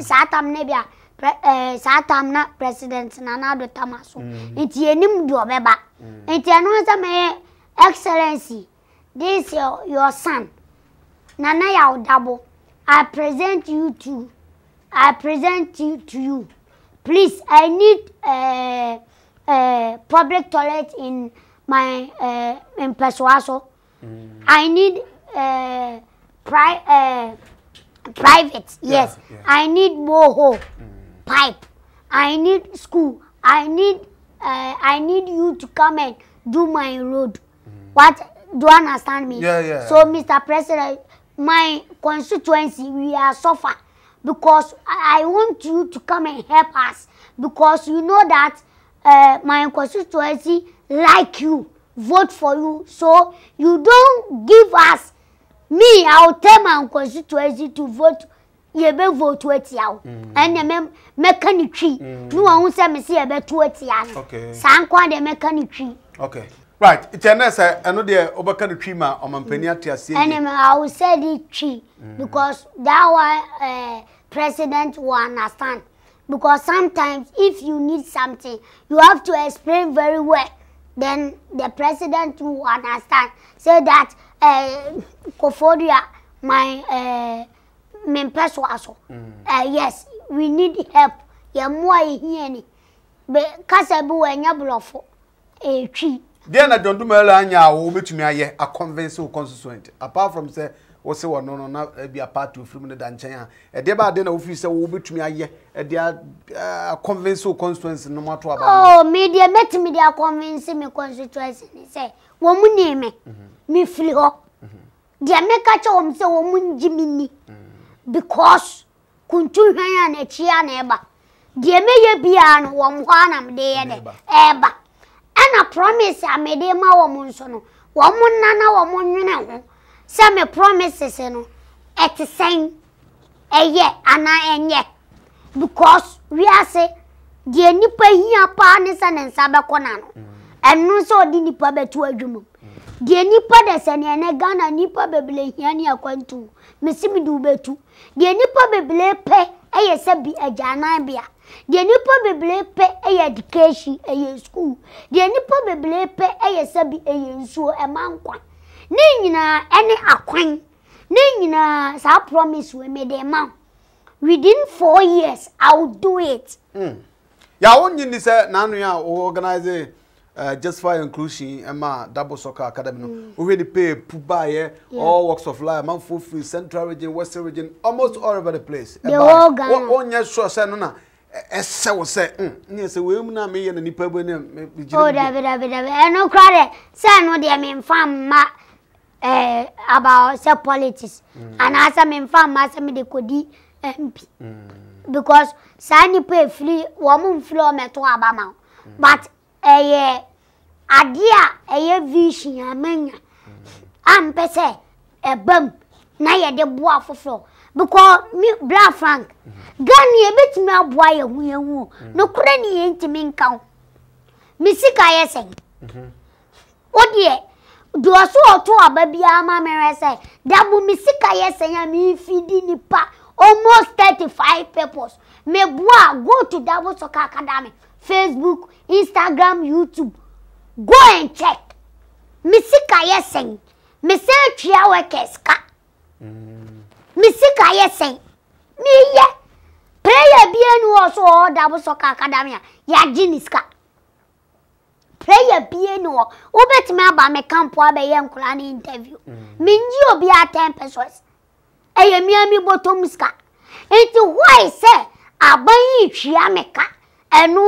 saa eh, tam bia saa tam president Nana Addo Tam so mm. nti enim do beba nti mm. eno nsa me excellency this your, your son Nana Yaudabo I present you to I present you to you please I need uh, uh, public toilet in my uh, in Pesuaso mm. I need uh, pri uh, private yes yeah, yeah. i need moho mm. pipe i need school i need uh, i need you to come and do my road mm. what do you understand me yeah, yeah. so mr president my constituency we are suffer because i want you to come and help us because you know that uh, my constituency like you vote for you so you don't give us me i will tell my constituency to vote yɛbɛ vote atia wo ɛnna mɛ mɛka ne twi ne wɔn ho sɛ mesi yɛbɛto atia no saa nkwa deɛ mɛka ne twi. right kyɛn dɛ sɛ ɛno deɛ wɔbɛka ne twi ma ɔmampanin ate aseɛ yie. ɛnna mɛ i will say the twi mm. because that one uh, president will understand because sometimes if you need something you have to explain very well then the president will understand say so that nkɔfoɔ do a man mempɛ so aso mm. yes we need help yɛ mmoa yɛhia ni kasa bi wɔ ɛnyɛ borɔfo ɛtwi deɛ na dɔn duma ɛla anya a wɔbɛtumi ayɛ akɔnvɛnse wo constituent apart from sɛ wɔsɛ wɔ no no na ebi apart ofiri mu ne da nkyɛn a ɛdeɛ baa deɛ na wofiri sɛ wɔbɛtumi ayɛ ɛde akɔnvɛnse wo constituency no mu ato aba. ɔɔ oh, mi deɛ mɛtumi de akɔnvɛnse mi constituency ni sɛ wɔn mu nii mi. Mm -hmm mefiri hɔ deɛ meka kyɛ wɔm sɛ wɔ mu ngye me ni because kuntuhwan a n'akyi a na ɛba deɛ meyɛ biara no wɔm hɔ a na mede yɛ dɛ ɛɛba ɛna promise a mede ma wɔm nso no wɔm nna na wɔm nwene ho sɛ me promises no ɛte sɛn ɛyɛ anaa ɛnyɛ because wiase deɛ nipa hia paa ne sɛ ne nsa bɛkɔ na no ɛno mm. nso ɔde nipa bɛto adwuma mu deɛ nipa dɛ sɛneɛ ne ghana nipa bebree hia ne akwantu mesi mi de wobɛtu deɛ nipa bebree pɛ ɛyɛ sɛ bi agyanabea deɛ nipa bebree pɛ ɛyɛ education ɛyɛ sukuu deɛ nipa bebree pɛ ɛyɛ sɛ bi ɛyɛ nsuo ɛma nkwa ne nyinaa ɛne akwan ne nyinaa saa promise wɔ mi de ma within four years i will do it. Hmm. yàwó nyi ni sẹ nanu yà wò organize uh, just for inclusion ɛma double soccer academy no wohwɛ ni pay baayɛ all walks of life amanfoɔ firi central region western region almost all over the place ɛbaayɛ wɔnyɛ sure sɛ no na ɛsɛ wo sɛ ne ɛsɛ wei mu no a meyɛ no nnipa bu ne dabidabidabi ɛno kora dɛ sɛ no deɛ memfa mma eh, about sɛ politics mm. anaasɛ memfa Ma sɛ mede kɔdi mp mm. because saa nnipa ɛfiri wɔ mo mfiri ɔmɛto aba ma wo but ɛyɛ adeɛ a ɛyɛ vision amanya ampɛ sɛ ɛba mu na yɛde boa foforɔ because mi bra frank ghana yɛbɛtumi aboa yɛn ho yɛn ho nokorɛ ne yɛntumi nka ho mi sika yɛ sɛn o deɛ deɛ ɔso ɔto aba biara ma mi rɛ sɛ dabo mi sika yɛ sɛn a mi fi di nipa almost thirty five purpose. Me mebua go to Double Soccer Academy Facebook Instagram YouTube go and check Me misika yɛ sɛn misɛn tia workers ka misika mm. yɛ sɛn miyɛ prayer bie ni wɔ so wɔ Dabo Soccer Academy ya yagye ne sika prayer bie ni wɔ wobɛtumi aba me camp abɛyɛ nkora ne interview mm. mengye obiara ten pesos ɛyɛ mia mi bɔtɔ mu sika nti wɔ yi aban yi hwia meka ɛno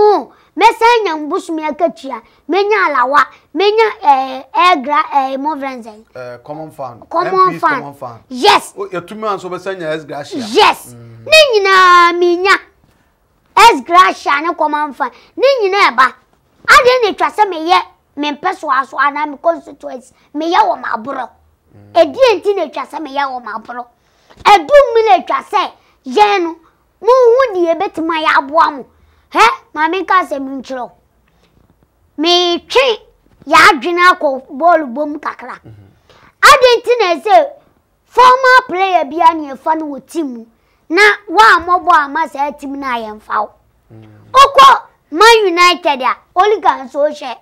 mɛsɛn nya mbusumi akatua menya alawa menya ɛɛ eh, ɛgra ɛɛ eh, movenze. ɛɛ eh, common fan common mps common fan yes. yɛtumi anso bɛsɛn nya ɛsgra ahyia. yes ne nyinaa minya ɛsgra ahyia ne common fan ne nyinaa ɛba adeɛ na etwa sɛ meyɛ me mpɛ so aso anaa me constituency meyɛ wɔ m'aborɔ mm. edie nti na etwa sɛ meyɛ wɔ m'aborɔ edum mi na etwa sɛ yɛn no. hu muhu deɛ ɛbɛtumi ya aboa mo hɛ maame ka nka asɛm nkyerɛ meetwe yɛadwene akɔ bɔɔlo bom kakra ade nti e na ɛsɛ formal player bia ne yɛfa no wɔ team mu na woammɔbɔ ama saa team no a yɛmfa wo wokɔ man united a olika nso hyɛ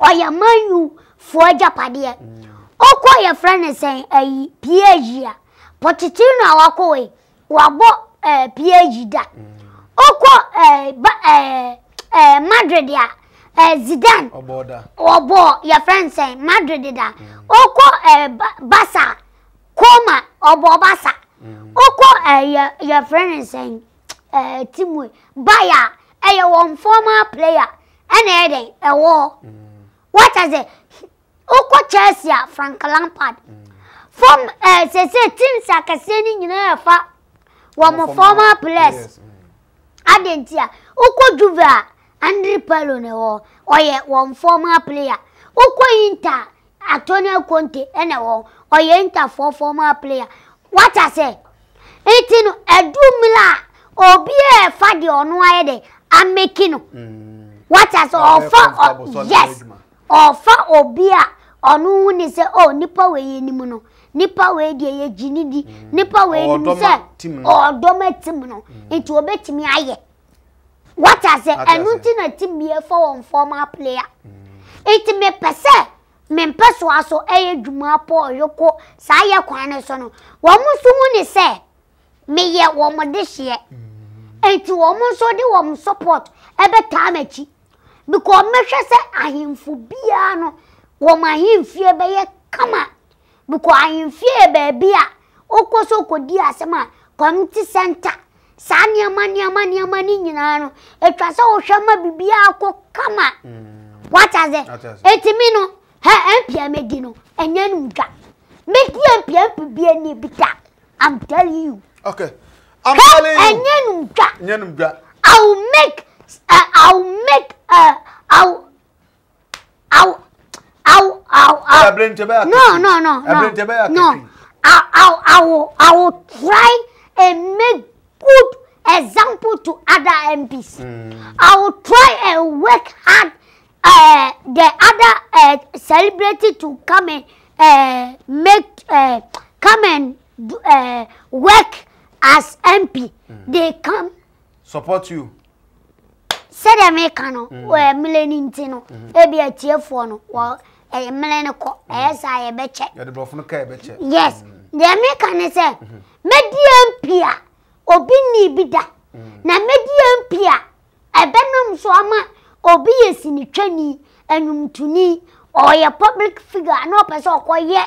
ɔyɛ man u foɔ agyapadeɛ wokɔ yɛfrɛ no sɛn ayi pag a pochettino a wakɔe wabɔ ɛɛ phd da okɔ ɛɛ ba ɛɛ ɛɛ madrid a ɛɛ zidane ɔbɔ yɛfrɛ nsɛn madrid da okɔ ɛɛ basa koma ɔbɔ basa mm. okɔ ɛɛ yɛfrɛ nsɛn ɛɛ timu baya ɛyɛ wɔn former player ɛna ɛyɛ dɛ ɛwɔ mm. wɔkyɛ sɛ okɔ chelsea a frank lampard mm. fɔm ɛɛ sɛsɛ teams akɛseɛ ne nyinaa yɛ fa wɔn former players adi nti a andre palo ne wɔ ɔyɛ wɔn former player wokɔ inter antonio conte ɛna wɔn ɔyɛ inter for former player wata sɛ nti no ɛdumila a obi a ɛfa deɛ ɔno ayɛ dɛ ameki no wata sɛ ɔfa yes ɔfa obi a ɔno hu ne sɛ ɔ nipa wɔ yɛ anim no nipa wee deɛ yɛ gyi ne di mm. nipa wee nim sɛ ɔdɔm atim no mm. nti obetumi ayɛ wata mm. sɛ ɛnu ti na ti mie fɔ wɔn fɔma player nti mi pɛ sɛ mi mpɛ so aso ɛyɛ dwuma pɔɔ yoko saa yɛ kwan ne so no wɔn nso hu ne sɛ mi yɛ wɔn de hyɛ nti wɔn nso de wɔn support ɛbɛ taa m'akyi because mehwɛ sɛ ahemfo biara no wɔn ahemfie bɛyɛ kama bukɔ ahemfie baabi a wokɔ so kɔdi asɛm a community center saa nneɛma nneɛma nneɛma ne nyinaa no atwa sɛ wohwɛ ma biribiaa kɔ kama wata sɛ ɛtumi no hɛ mpia mɛdi no ɛnyɛ no dwa mɛdi mpia mpibia ni bi da i'm telling you okay i'm telling you ɛnyɛ no dwa ɛnyɛ no dwa i will make uh, i will make uh, i will i will i will I'll, I'll, no, no, no, no, no. I, I, I, will, I will try and make good example to other MPs. Mm. I will try and work hard uh, the other uh, celebrity to come and uh, make uh, come and uh, work as MP. Mm. They come support you. Say American, mm. where millennium, you know, maybe a cheerful, well ɛyɛ mmerɛ no kɔ mm. ɛyɛ saa yɛbɛkyɛ yɛde borɔfo no ka yɛbɛkyɛ yes mm. deɛ meka ne sɛ mɛdi mm-hmm. mp a obi ni bi da mm. na mɛdi mp a ɛbɛnam so ama obi yɛ sinitwani anwumtoni ɔyɛ public figure na ɔpɛ sɛ ɔkɔyɛ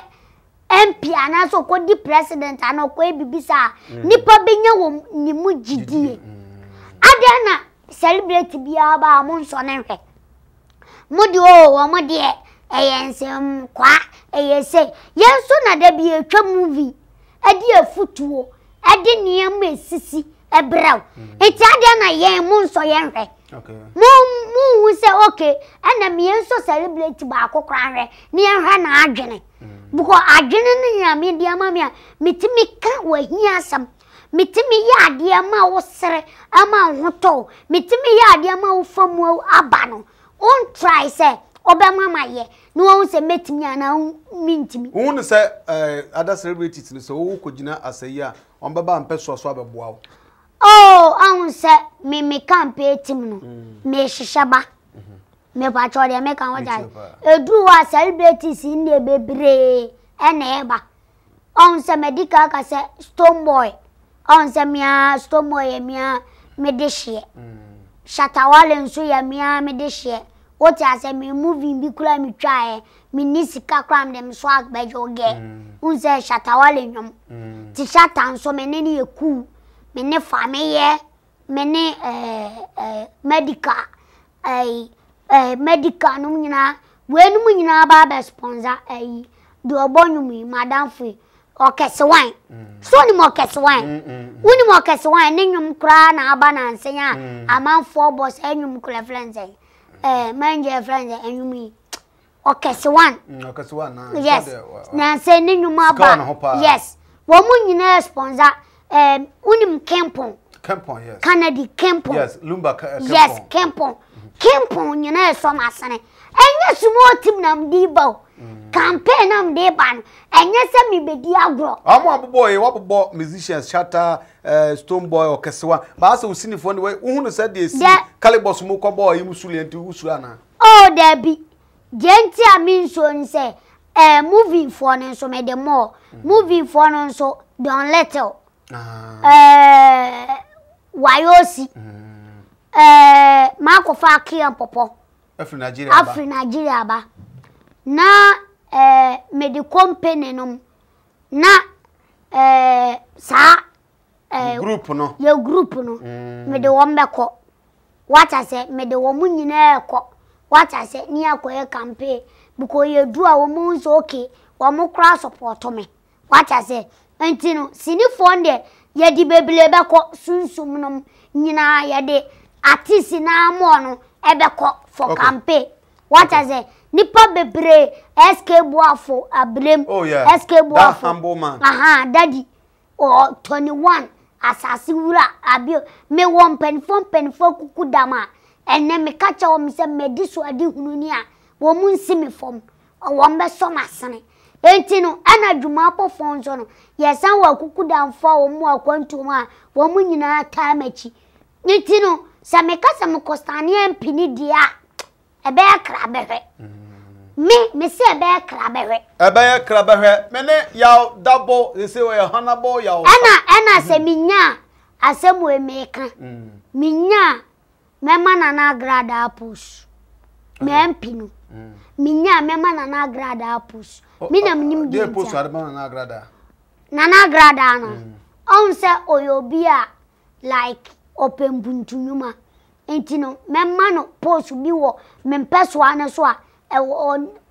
mp anaasɛ ɔkɔdi president ana ɔkɔyɛ biribi nipa nnipa bɛnya wɔ ne mu gyidie adeɛ na celebrate biara baa mo nsɔ ne hwɛ mo deɛ ɔwɔ mo deɛ ɛyɛ nsɛm kwa ɛyɛ sɛ yɛn nso na dabi etwa movie ɛde efutuo ɛde nneɛma esisi ɛbrɛw hmm. eti adeɛ na yɛn mu nsɔ yɛn hwɛ mu mu hu sɛ oke ɛna mmiɛn nso celebrate baako koraa hwɛ ne yɛn hwɛ na adwene hmm. bukɔ adwene ne nyame deɛ ma mi a metumi ka wahia asɛm metumi yɛ adeɛ ma wo ama ho tɔ yɛ adeɛ ma wo aba no on try sɛ ɔbɛma ma yɛ na wɔn sɛ mɛtumi anaa mintumi. ohun ni sɛ ɛɛ ada celebrities ni sɛ owó kò gyina asɛyi a wɔn bɛ oh, mm. ba mpɛ soaso abɛboa o. oo ahun sɛ mímí kampe tim no mɛ hyehyɛ ba mɛ pàtó deɛ mɛ kan wɔ gya eduru wa celebrities ne bebree ɛna ɛba ahun sɛ mɛ di ka ka sɛ stone boy ahun sɛ mia stone boy yɛ mia mɛ de hyɛ mm. shatawale nso yɛ mia mɛ de hyɛ wote asɛ me movie bi kura mi twaɛ me mm. mm. mm. ni sika kura mi dɛm so agbɛgye ɔgɛ n sɛ shatawale nnwom ti shata nso me ne ne yɛ kuu me fa me yɛ me ne ɛɛ ɛɛ medical ɛɛ ɛɛ medical nom nyinaa wei nom nyinaa ba bɛ sponsor ɛyi deɛ ɔbɔ nnwom yi madamfo yi ɔkɛse wan so nim ɔkɛse wan wonim ɔkɛse wan ne nnwom koraa na aba nansɛn a amanfoɔ bɔ sɛ nnwom korɛfrɛ nsɛn eh mind your friend enemy okese one mm, okese one na ah, yes na say ne nyuma ba yes wo mu nyina sponsor eh unim kempon kempon yes canada kempon yes lumba kempon uh, yes kempon kempon nyina so masane enye sumo tim nam di ba Mm-hmm. campaign am dey ban enye se mi bedi agro amo abobo e wabobo musicians shatta uh, eh, stone boy okesewa ba se usini fo ne we uhunu se dey si calibus mu ko boy mu suli enti usura na oh there be genti ami nso nse eh movie fo ne nso me de more mm-hmm. movie fo no nso don little ah. eh wayosi mm-hmm. eh makofa kian popo afri nigeria ba afri nigeria ba na ɛɛ eh, mede company nom na ɛɛ eh, saa ɛɛ eh, group no yɛ group no mm. mede wɔn bɛkɔ wata sɛ mede wɔn nyinaa kɔ wata sɛ ne akɔyɛ campaign because yɛ du a wɔn nso okay wɔn kora support me wata sɛ nti no sinifoɔ deɛ yɛde bebree bɛkɔ sunsun nom nyinaa yɛde ati sinamɔ no ɛbɛkɔ for okay. campaign wata sɛ. Okay nipa bebree sk buafo abirim oh, yeah. sk that humble man aha daddy Oh, twenty one asase wura abio me wɔ mpanimfoɔ mpanimfoɔ kuku dam a ɛnɛ meka kyɛ wɔn sɛ mɛdi so adi hunu ni a wɔn mu nsi mi fam wɔn bɛ sɔ ma sene eti no ɛna dwuma apɔfoɔ nso no yɛsan wɔ kuku damfoɔ a wɔn mu akɔntum a wɔn mu nyinaa taa m'akyi eti no sɛ meka sɛ mekɔ staneɛ mpini deɛ a ɛbɛyɛ krabɛhwɛ me me se ɛbɛyɛ krabɛhwɛ. ɛbɛyɛ krabɛhwɛ mɛ ne yaw dabo sese wɔyɛ hanabo yaw. ɛna ɛna sɛ mi nya asɛm wo mi ka mi mm. nya mɛma nana agrada apos mɛ mpi no mm. mi nya mɛma nana agrada apos mi na mi nim di ntia. de apos adama nana agrada. nana agrada no mm. ɔn sɛ oyɛ obi a like ɔpɛ mpuntunuma nti no mɛma no post bi wɔ mempɛsoa no so a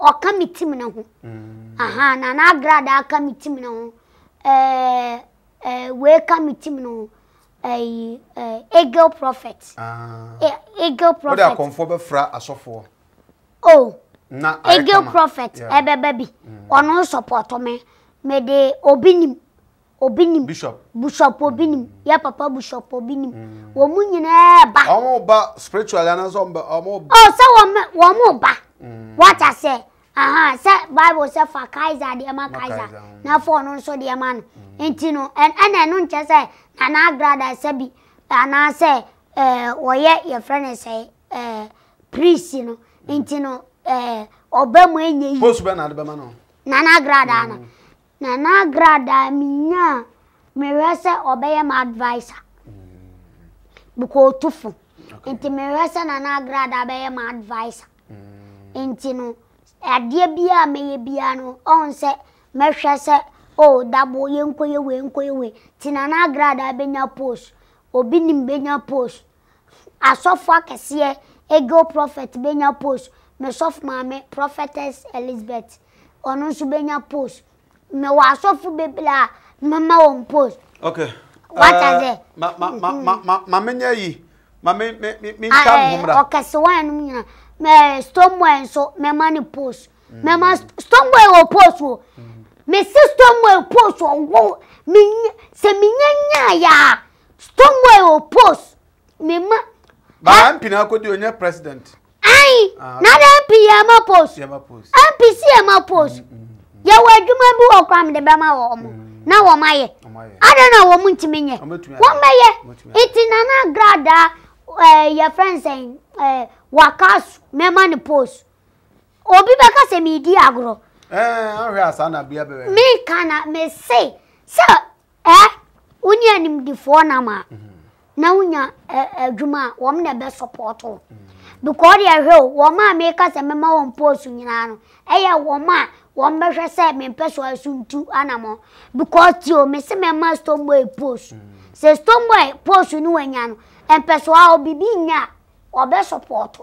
ɔka me tim no ho mm. aha na na agrada aka me tim no ho ɛɛ ɛɛ wee ka me tim no ho ɛyi ɛɛ eagle prophet ah. ɛ eagle prophet o de akɔnfo bɛfra asɔfoɔ o na ayɛ kama eagle prophet ɛbɛbɛ bi mm. ɔno support me me de obi nim obinim bishop bishop obinim mm. yɛ papa bishop obinim wɔn mu nyinaa ba. wɔn ba spiritual yana sɛ wɔn ba wɔn ba. ɔ sɛ wɔn mɛ wɔn mu ba wata sɛ sɛ bible sɛ fa kaiser deɛ ma kaiser n'afɔ ɔno nso deɛ ma no nti no ɛna ɛno nkyɛn sɛ nana agrada sɛ bi anaasɛ ɛɛ wɔyɛ yɛfrɛ no sɛ ɛɛ priest no nti no ɛɛ ɔbɛ mu enye yi. post bɛ na adi bɛ ma no. nana agrada no. na n'agrada minya mmerɛ sɛ ɔbɛyɛ m advisor mm. bikɔ ɔtufo nti mmerɛ sɛ na n'agrada bɛyɛ m advisor mm. nti no adeɛ biara mɛyɛ biara no ɔn sɛ mɛhwɛ sɛ o dabo yɛnkɔ yɛ wei nkɔ wei ti na n'agrada bɛnya post obi nim bɛnya post asɔfo akɛseɛ ego prophet bɛnya post mesɔfo maame prophetess elizabeth ɔno nso bɛnya post. mewɔ asɔfo bebree a mama wɔn post. okay wata eh, sɛ. ma ma ma ma ma ma me nya yi ma me me me me nka mumra. ɔkɛse wɔn anum nyina mɛ stoneboy nso mɛma ne post mɛma stoneboy wɔ post o mesi stoneboy post ɔwɔ mi sɛ mi nya nya ya stoneboy wɔ post mɛma. baa mp na akodi onye president. ayi na de mp yɛ ma post mp si ma post. Mm -hmm deɛ wɔ adwuma bi wɔ kora mede bɛma wɔ ɔmo mm. na wɔn ayɛ ada na wɔn ntumi nyɛ wɔn bɛyɛ eti nana gradaa ɛɛ eh, yɛfrɛ nsɛn ɛɛ eh, wakas mɛma ne post obi bɛka sɛ mi di agorɔ. ɛɛ eh, ahwɛ asa na bia bɛbɛ. mi kana mi se sɛ ɛɛ wonye animdifoɔ nam a mhm. na wonya ɛɛ adwuma a wɔn na bɛ sɔpɔtɔ. Mm -hmm because deɛ hwɛ o wɔn a meka sɛ mema wɔn post nyinaa no ɛyɛ wɔn a wɔn bɛhwɛ sɛ mempɛ so asuntu anamɔ because ti o mesi mema stone boy post sɛ stone boy post no wanya no mpɛ so a obibi nya ɔbɛ support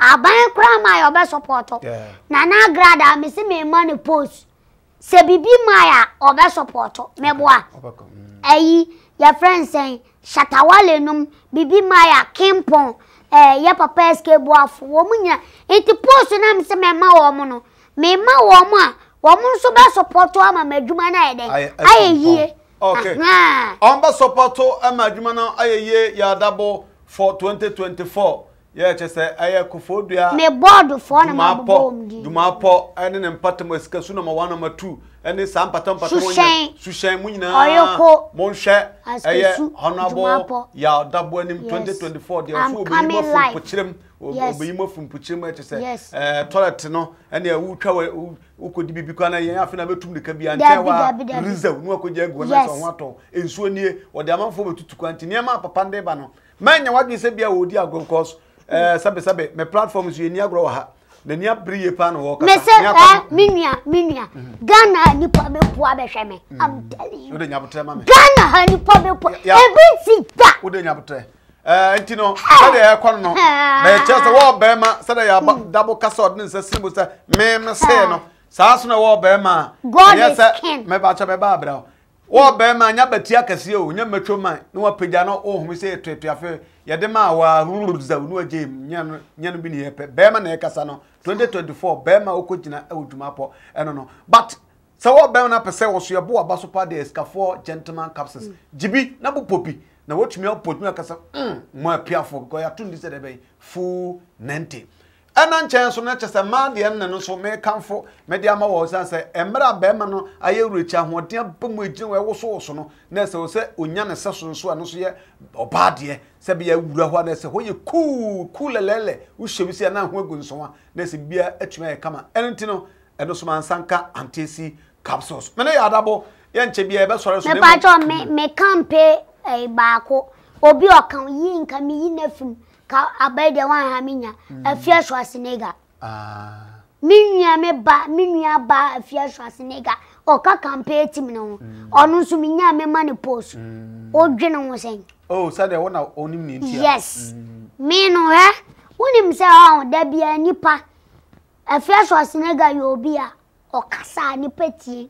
aban koraa hmm. ma yɛ ɔbɛ support nana agrada mesi mema ne post sɛ bibi ma yɛ ɔbɛ support mɛboa ɛyi yɛ fɛn sɛn shatawale nom bibi ma yɛ kimpɔn eh ye papa SK boafo wo munya enti post na me se me ma wo mu no me ma wo mu a wo mu nso be support ama madwuma na ye den ayeyie okay on ah, ah. be support ama adwuma na ayeyie ya dabo for twenty twenty four yɛ kyɛ sɛ ɛyɛ kofoɔ dua me bɔɔdo foɔ na ma bɔbɔ mu di dumapɔ ɛne ne mpatam sika su nama one nama two ɛne saa mpatam mpatam suhyɛn suhyɛn mu nyinaa ɔyɔko monhwɛ ɛyɛ honorable yawdabo anim twenty twenty four deɛ ɔso obɛyi ma fun pokyerem obɛyi ma fun pokyerem ɛkyɛ eh, sɛ eh, ɛɛ toilet no ɛne ɛwutwa wɛ wokɔdi biribi kɔ ana yɛn afei na bɛtum ne ka bi ankyɛ wa reserve ne wakɔgya agu ɛna sɛ ɔho atɔ nsuo nie ɔde amanfoɔ bɛtutu kwan nti nneɛma apapa nde ba no mɛnyɛ wadwe sɛ bia wɔdi agorɔ kɔɔ so ɛɛ eh, sabi sabi mɛ platform so yɛ ni agorɔ wɔ ha na ni abiri yɛ paa na wɔkasa mɛ sɛ ɛɛ eh, mi nua mi nua mhm. ghana nipa bɛ po abɛhwɛ mi mhm. i'm telling you o de nyabotire ma mi ghana ha nipa bɛ po ebi ti da o de nyabotire ɛɛ eh, nti no ah. sɛdeɛ ɛkɔ no ah. mɛ kyerɛ sɛ wɔɔ bɛrima sɛdeɛ yɛ mm. dabo kasa ɔde ne nsa sinibu sɛ mɛmɛ sɛɛ ah. no saa so na wɔɔ bɛrima a god is king mɛ baakyɛ mɛ baa abira o wọ́n bẹ́ẹ̀ ma nya bẹ̀tí akẹ́sí o nya mẹ́tọ́ ma ní wọ́n pèjà náà ó hùmí sẹ́ tuatua fẹ́ yẹ́dí ma wà rúrúrúzàwù ní wọ́n jẹ́ nya no bi ni yẹ bẹ́ẹ̀ ma na yẹ kasa no twenty twenty four bẹ́ẹ̀ ma okò gyina ẹ̀wọ̀ dwuma pọ̀ ẹ̀no no but sɛ wọ́n bẹ́ẹ̀ na pẹ̀sẹ̀ wọ́n so yẹ bọ́ wà bá so pa de escafo gentleman capsules jibi na bó popi na wọ́n tumi ɔpọ̀ dwuma kasa mm mo apiafo kọ́ yàtúndísẹ́ dẹ́ bẹ́ẹ̀ fuu nẹ́ntì ɛna nkyɛn so no kyɛ sɛ mmaa deɛ nne no so mekamfo mede ama wɔ sɛ sɛ mmerɛ a bɛrima no ayɛ wurakyi ahoɔden aba mu agyina ɛwosowoso no na ɛsɛ sɛ onya ne sɛ so nso a no so yɛ ɔbaa deɛ sɛ bɛyɛ awura hɔ a na ɛsɛ hɔ kuu kuu lɛlɛlɛ wohyɛ bi ɛna ho agu nsɔn a na ɛsɛ bia atumi ayɛ kama ɛno nti no ɛno so mansanka antesi capsules mene yɛ adabɔ yɛnkyɛ bia yɛbɛsɔre so mepa kyɛ me kampe eh, baako obi ɔka yi ka abai de wan ha minya afia mm. so asenega ah minya me ba minya ba afia so asenega o ka campaign team no ono mm. so minya me ma ne post mm. o dwene ho sen oh said e wona onim ne ntia yes me no he wonim se ha da bia nipa afia so asenega yo bi a o kasa nipa tie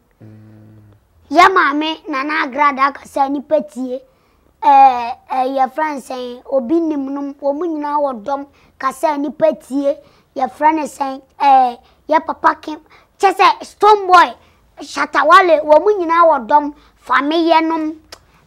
ya maame nana agrada kasa nipa tie ɛɛ yɛfrɛ no sɛn obi nim no wɔn nyinaa wɔ dɔm kasa nipa tie yɛfrɛ no sɛn ɛɛ yɛ papa kim kyɛ sɛ stone boy shatawale wɔn nyinaa wɔ dɔm famiyɛ nom.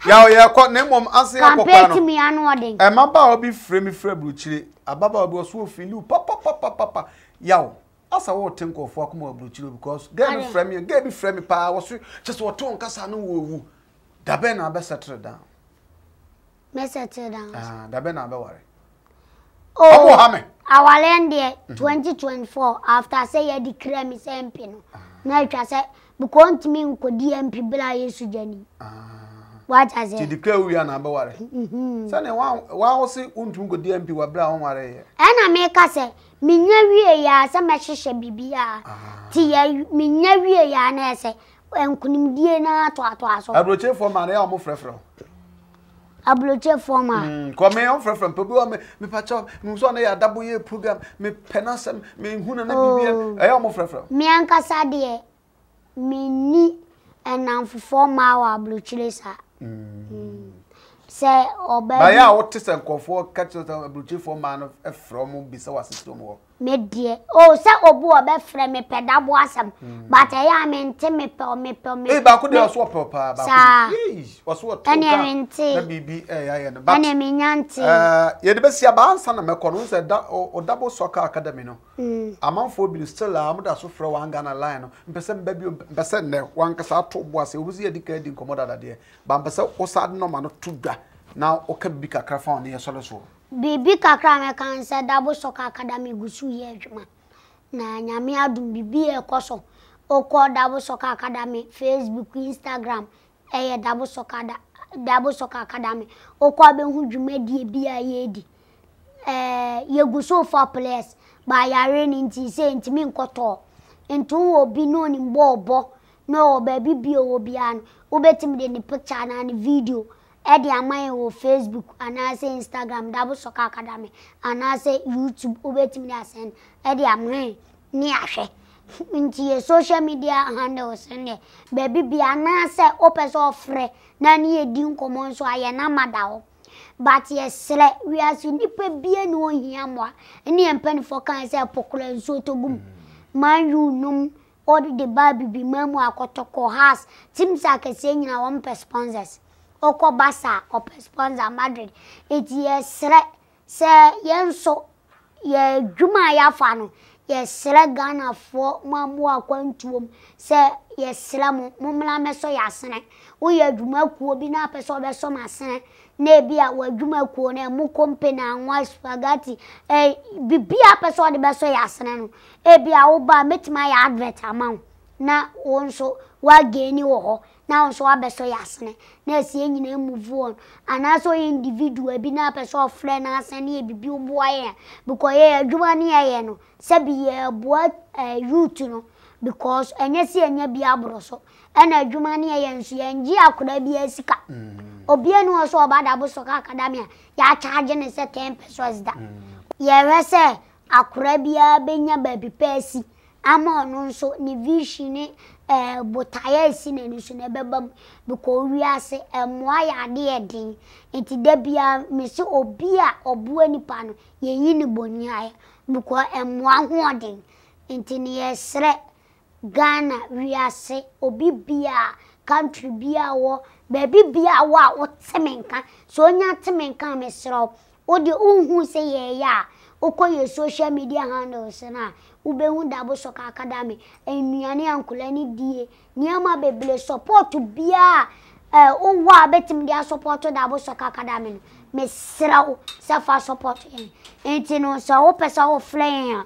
yaw yɛ kɔ ne mɔm ase yɛ kɔ kwan no kampe timi ano ɔden. ɛmabaawa eh, bi fira mi fira burukyire ababaawa bi ɔso ofiliw papapapapa yaw asa wo te nkɔfo akoma aburukyire because girl bi fira mi girl bi fira mi paa wɔso kyɛ sɛ ɔtɔn kasa no wɔ owu dabe na abɛsɛ tere dan me settle down ah da be na be ware oh wo ha me awale ndie 2024 after say ye declare me say mp no ah. na atwa say because ntimi nkodi mp bla yesu jani ah What as it? Ti declare we are number ware. Mm-hmm. Sɛ ne wa wa wo se untum ko DMP wa bra wo ware ye. Ɛna me ka sɛ menya wie ya sɛ mɛhyehyɛ bibia. Ah. Ti ya menya wie ya na sɛ nkunim die na to ato aso. Abrochefo ma na ya mo frɛfrɛ abuloche fɔma. Mm. kɔmi anw fɛn fɛn pepe wa mi mi patsɔ muso ne y'a dabɔ ye program mi pɛnɛsɛm mi na ne bibi yɛ ɛ y'aw mo fɛn fɛn. mi an kasa deɛ mi hmm. ni ɛnanfofɔ ma wa abuloche sa. sɛ ɔbɛ. bayi a wɔte sɛ nkɔfoɔ kɛtɛ abuloche fɔma no ɛfrɛ ɔmo bisɛ wa sisi ɔmo wɔ. Me medie o oh, sɛ obu ɔbɛfrɛ me pɛ dabo asɛm hmm. but ɛyɛ a mente mepɛ ɔmepɛ ɔmepɛ eh, baako deɛ ɔso ɔpɛ paa baako ɛne mente na biribi ɛyɛayɛ eh, no ɛne menya nte eh, yɛde bɛsi aba ansa na mɛkɔ no wo sɛ ɔdabo soccer academy no hmm. amanfoɔ bi still a moda so frɛ wɔn ghana line no mpɛ sɛ mba bio mpɛ sɛ nnɛ wankasa ato bo ase obi sɛ yɛdi ka adi nkɔmmɔ dadadeɛ ba mpɛ sɛ wosa de nɔma no to dwa na woka biribi kakra fa wo ne yɛsɔre soɔ biribi kakra mɛka sɛ dabo sɔ kakada megu yɛ adwuma na nyame adom biribi ekoso ɛkɔ so wokɔ dabo sɔ kakada me facebook instagram ɛyɛ dabo sɔ kada dabo sɔ kakada me wokɔ bɛhu dwumadie bi a yɛdi ɛɛ yɛgu so for players baayare ne nti sɛ ntumi nkɔtɔɔ nti wowɔ bi na onim na ɔwɔ baabi bi ɔwɔ biara no wobɛtumi de ne picture anaa ne video ɛde ama yɛn wɔ facebook anaasɛ instagram dabo soccer academy anaasɛ youtube wobɛtumi de asɛn ɛde ama yɛn ne ahwɛ nti yɛ social media handles ne baabi bi anaasɛ wopɛ sɛ ɔfrɛ na ne yɛdi nkɔmmɔ nso a yɛn ama da hɔ but yɛserɛ wiase nnipa bia ne ɔhia mmoa ne yɛ mpanimfoɔ kan sɛ pokora nsuo to gu mu man yu nom ɔde de baa bibi ma mu akɔtɔkɔ house teams akɛseɛ nyinaa wɔmpɛ sponsors ɔkɔ basa ɔpɛ sponsor madrid eti yɛsrɛ sɛ yɛn nso yɛ dwuma a yɛafa no yɛsrɛ ghanafoɔ mo a mo akwantuo mu sɛ yɛsrɛ mo mo mmla mɛsɔ yɛ asene woyɛ adwuma kuo bi na apɛ sɛ ɔbɛsɔ mo asene na ebi a wadwuma kuo no ɛmo kompe anwa spaghetti ɛɛ bibi apɛ sɛ ɔde bɛsɔ yɛ no ebi a woba a metumi advert ama wo na wo nso woagye ni wɔ hɔ na nso abɛsɔ yɛ asene na esi yɛn nyinaa mu vuo no anaasɛ ɔyɛ individual bi na apɛ sɛ ɔfrɛ n'asɛn ne yɛ bibi boa yɛn because yɛ adwuma ne yɛyɛ no sɛbi yɛboa ɛɛ eh, youth no because ɛnyɛ si ɛnyɛ bi aboro so ɛna adwuma ne yɛyɛ nso yɛn gye akora bi esika mm. obiara ne wɔ so ɔba da bo so kakada mi a yɛakyaagye ne sɛ ten pesos da mm. yɛhwɛ sɛ akora biara bɛnya baabi pɛɛsi ama ɔno nso ne vision ne ɛɛ eh, botaeɛ esi n'ani so na ɛbɛba mu bikɔ wiase ɛmoa yɛ adeɛ den nti debia mesi obi a ɔboa nipa no yɛyi ne bɔnni ayɛ bikɔ ɛmoa ho ɔden nti ne yɛsrɛ ghana wiase obi bia country bia wɔ baabi bia wɔ a wɔte me nka so onya te me nka mesrɛ wo de sɛ yɛɛyɛ a wokɔ yɛ social media handles no a wobɛhu dabo sɔka academy nnuane ankora ne die nneɛma bebree support biara a wowɔ a bɛtumi de asɔpɔto dabo sɔka academy no mesrɛ wo sɛ fa support yɛn nti no sɛ wopɛ sɛ wofrɛ yɛn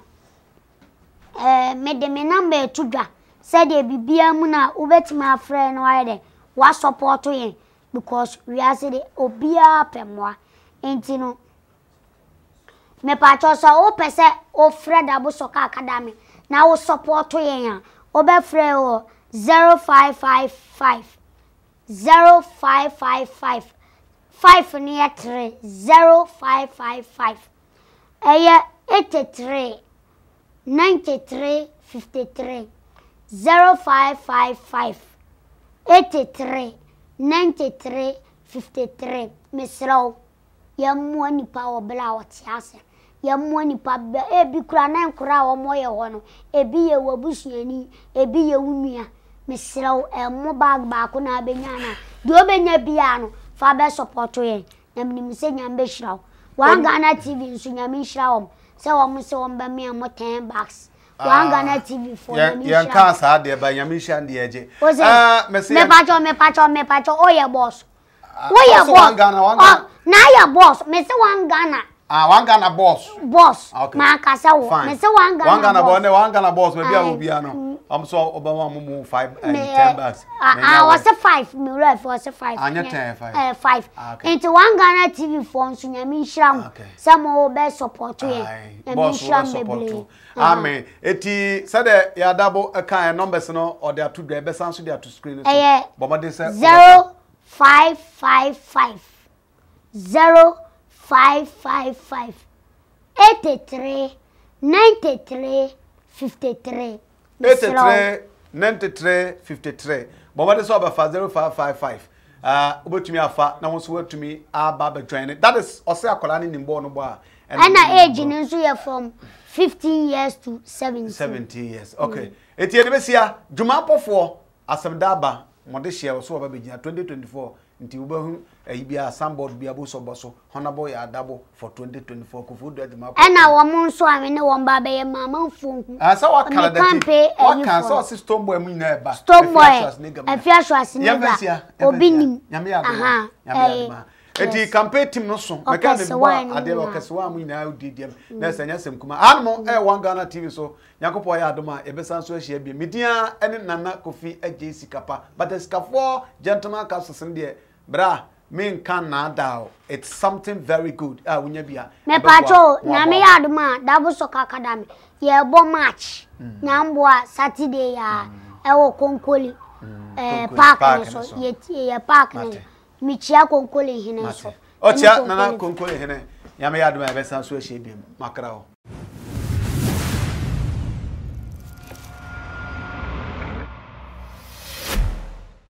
a mede me namba ɛto dwa sɛdeɛ biribiara mu no a wobɛtumi afrɛ no ayɛ dɛ woasɔpɔto yɛn because wiase de obiara pɛ mmoa nti no mepatwa sɛ wopɛ sɛ wofrɛ dabo sɔka academy na wo support yɛn a wobɛfrɛ wɔ 0555 0555 5 no yɛ 3 0555 five five 93 53 0555 83 93 53 mesrɛ wo yɛmmoa nnipa wɔ bere a wɔte ase yɛmmoa nipa bɛ ebi kura na nkora a wɔyɛ hɔ no ebi yɛ w'abusuani ebi yɛ wo nua mesrɛw ɛmo baag baako na abɛnya na deɛ ɔbɛnya biara no fa bɛ sɔpɔto yɛn na menim sɛ nyame bɛhyira wo wɔn tv nso nyame nhyira wɔn sɛ wɔn sɛ wɔn bɛmia mo ten bags wɔn ah, tv fo saa deɛ ba nyame nhyira deɛ gye ɔsɛ mɛpatsɔ bɔs ɔyɛ bɔs na ayɛ bɔs mɛsɛ wɔn ghana Ah, one Ghana boss. Boss. Ah, okay. Ma kasa wo. Fine. Me say one Ghana. One Ghana boss. Ne one Ghana boss. Maybe I will be ano. Ah, mm. I'm so Obama mo move five and eh, ten eh, bucks. Ah, ah, was a five. Me ref was a five. Anya ah, ten five. Eh, five. Okay. Into one Ghana TV phone so nyame nhyiram. Some o be support ye. Boss o support. Amen. Eti say the ya double account numbers no or they are to the best answer they are to screen. Eh. Zero five five five zero five five five eighty three ninety three fifty three. eighty three ninety three fifty three bọ̀wọ́dé sọ ọbẹ̀fà zero five five five wobɛtumi ah, afa na wo nso woatumi aba abɛdwan ne that is ɔsɛ akwadaa ne nimbɔɔ no bɔ a ɛna age no nso from 15 years to 17 17 years okay ɛti yɛde bɛsia dwuma apɔfoɔ asɛmda aba mɔde hyeɛ wɔ so wɔba bɛgyina 2024 nti wobɛhu ɛyi bi a sanbɔd bi a so hɔnabɔ yɛ adabɔ for twenty twenty four kofi do ɛdi ma. ɛna wɔn nso ami ne wɔn ba bɛyɛ maama nfonku. asa ah, wa kala dɛ ti wa kan sa ɔsi stone boy mu nyinaa ba. stone boy efi aso asi ne ba obi nim ahan ɛɛ eti campaign team no so mɛka ne mbɔ adeɛ ɔkɛsewa mu nyinaa di diɛm mm. na ɛsɛ nyɛ sɛm kuma anum mm. ɛyɛ wɔn ghana tv so nyankopɔn yɛ adom a yɛbɛsa nso ahyia bi media ɛne nana kofi agye sikapa but sikafoɔ gentleman capsules no deɛ bra me nka nada o it's something very good a ah, wonya bia me pacho na me yard ma dabo so kakada me ye bo match mm. na mboa saturday ya mm. e wo konkoli mm, eh park ne so ye ye park ne mi chia konkoli hene so o chia na na konkoli hene ya me yard ma be san so ehye biem makra o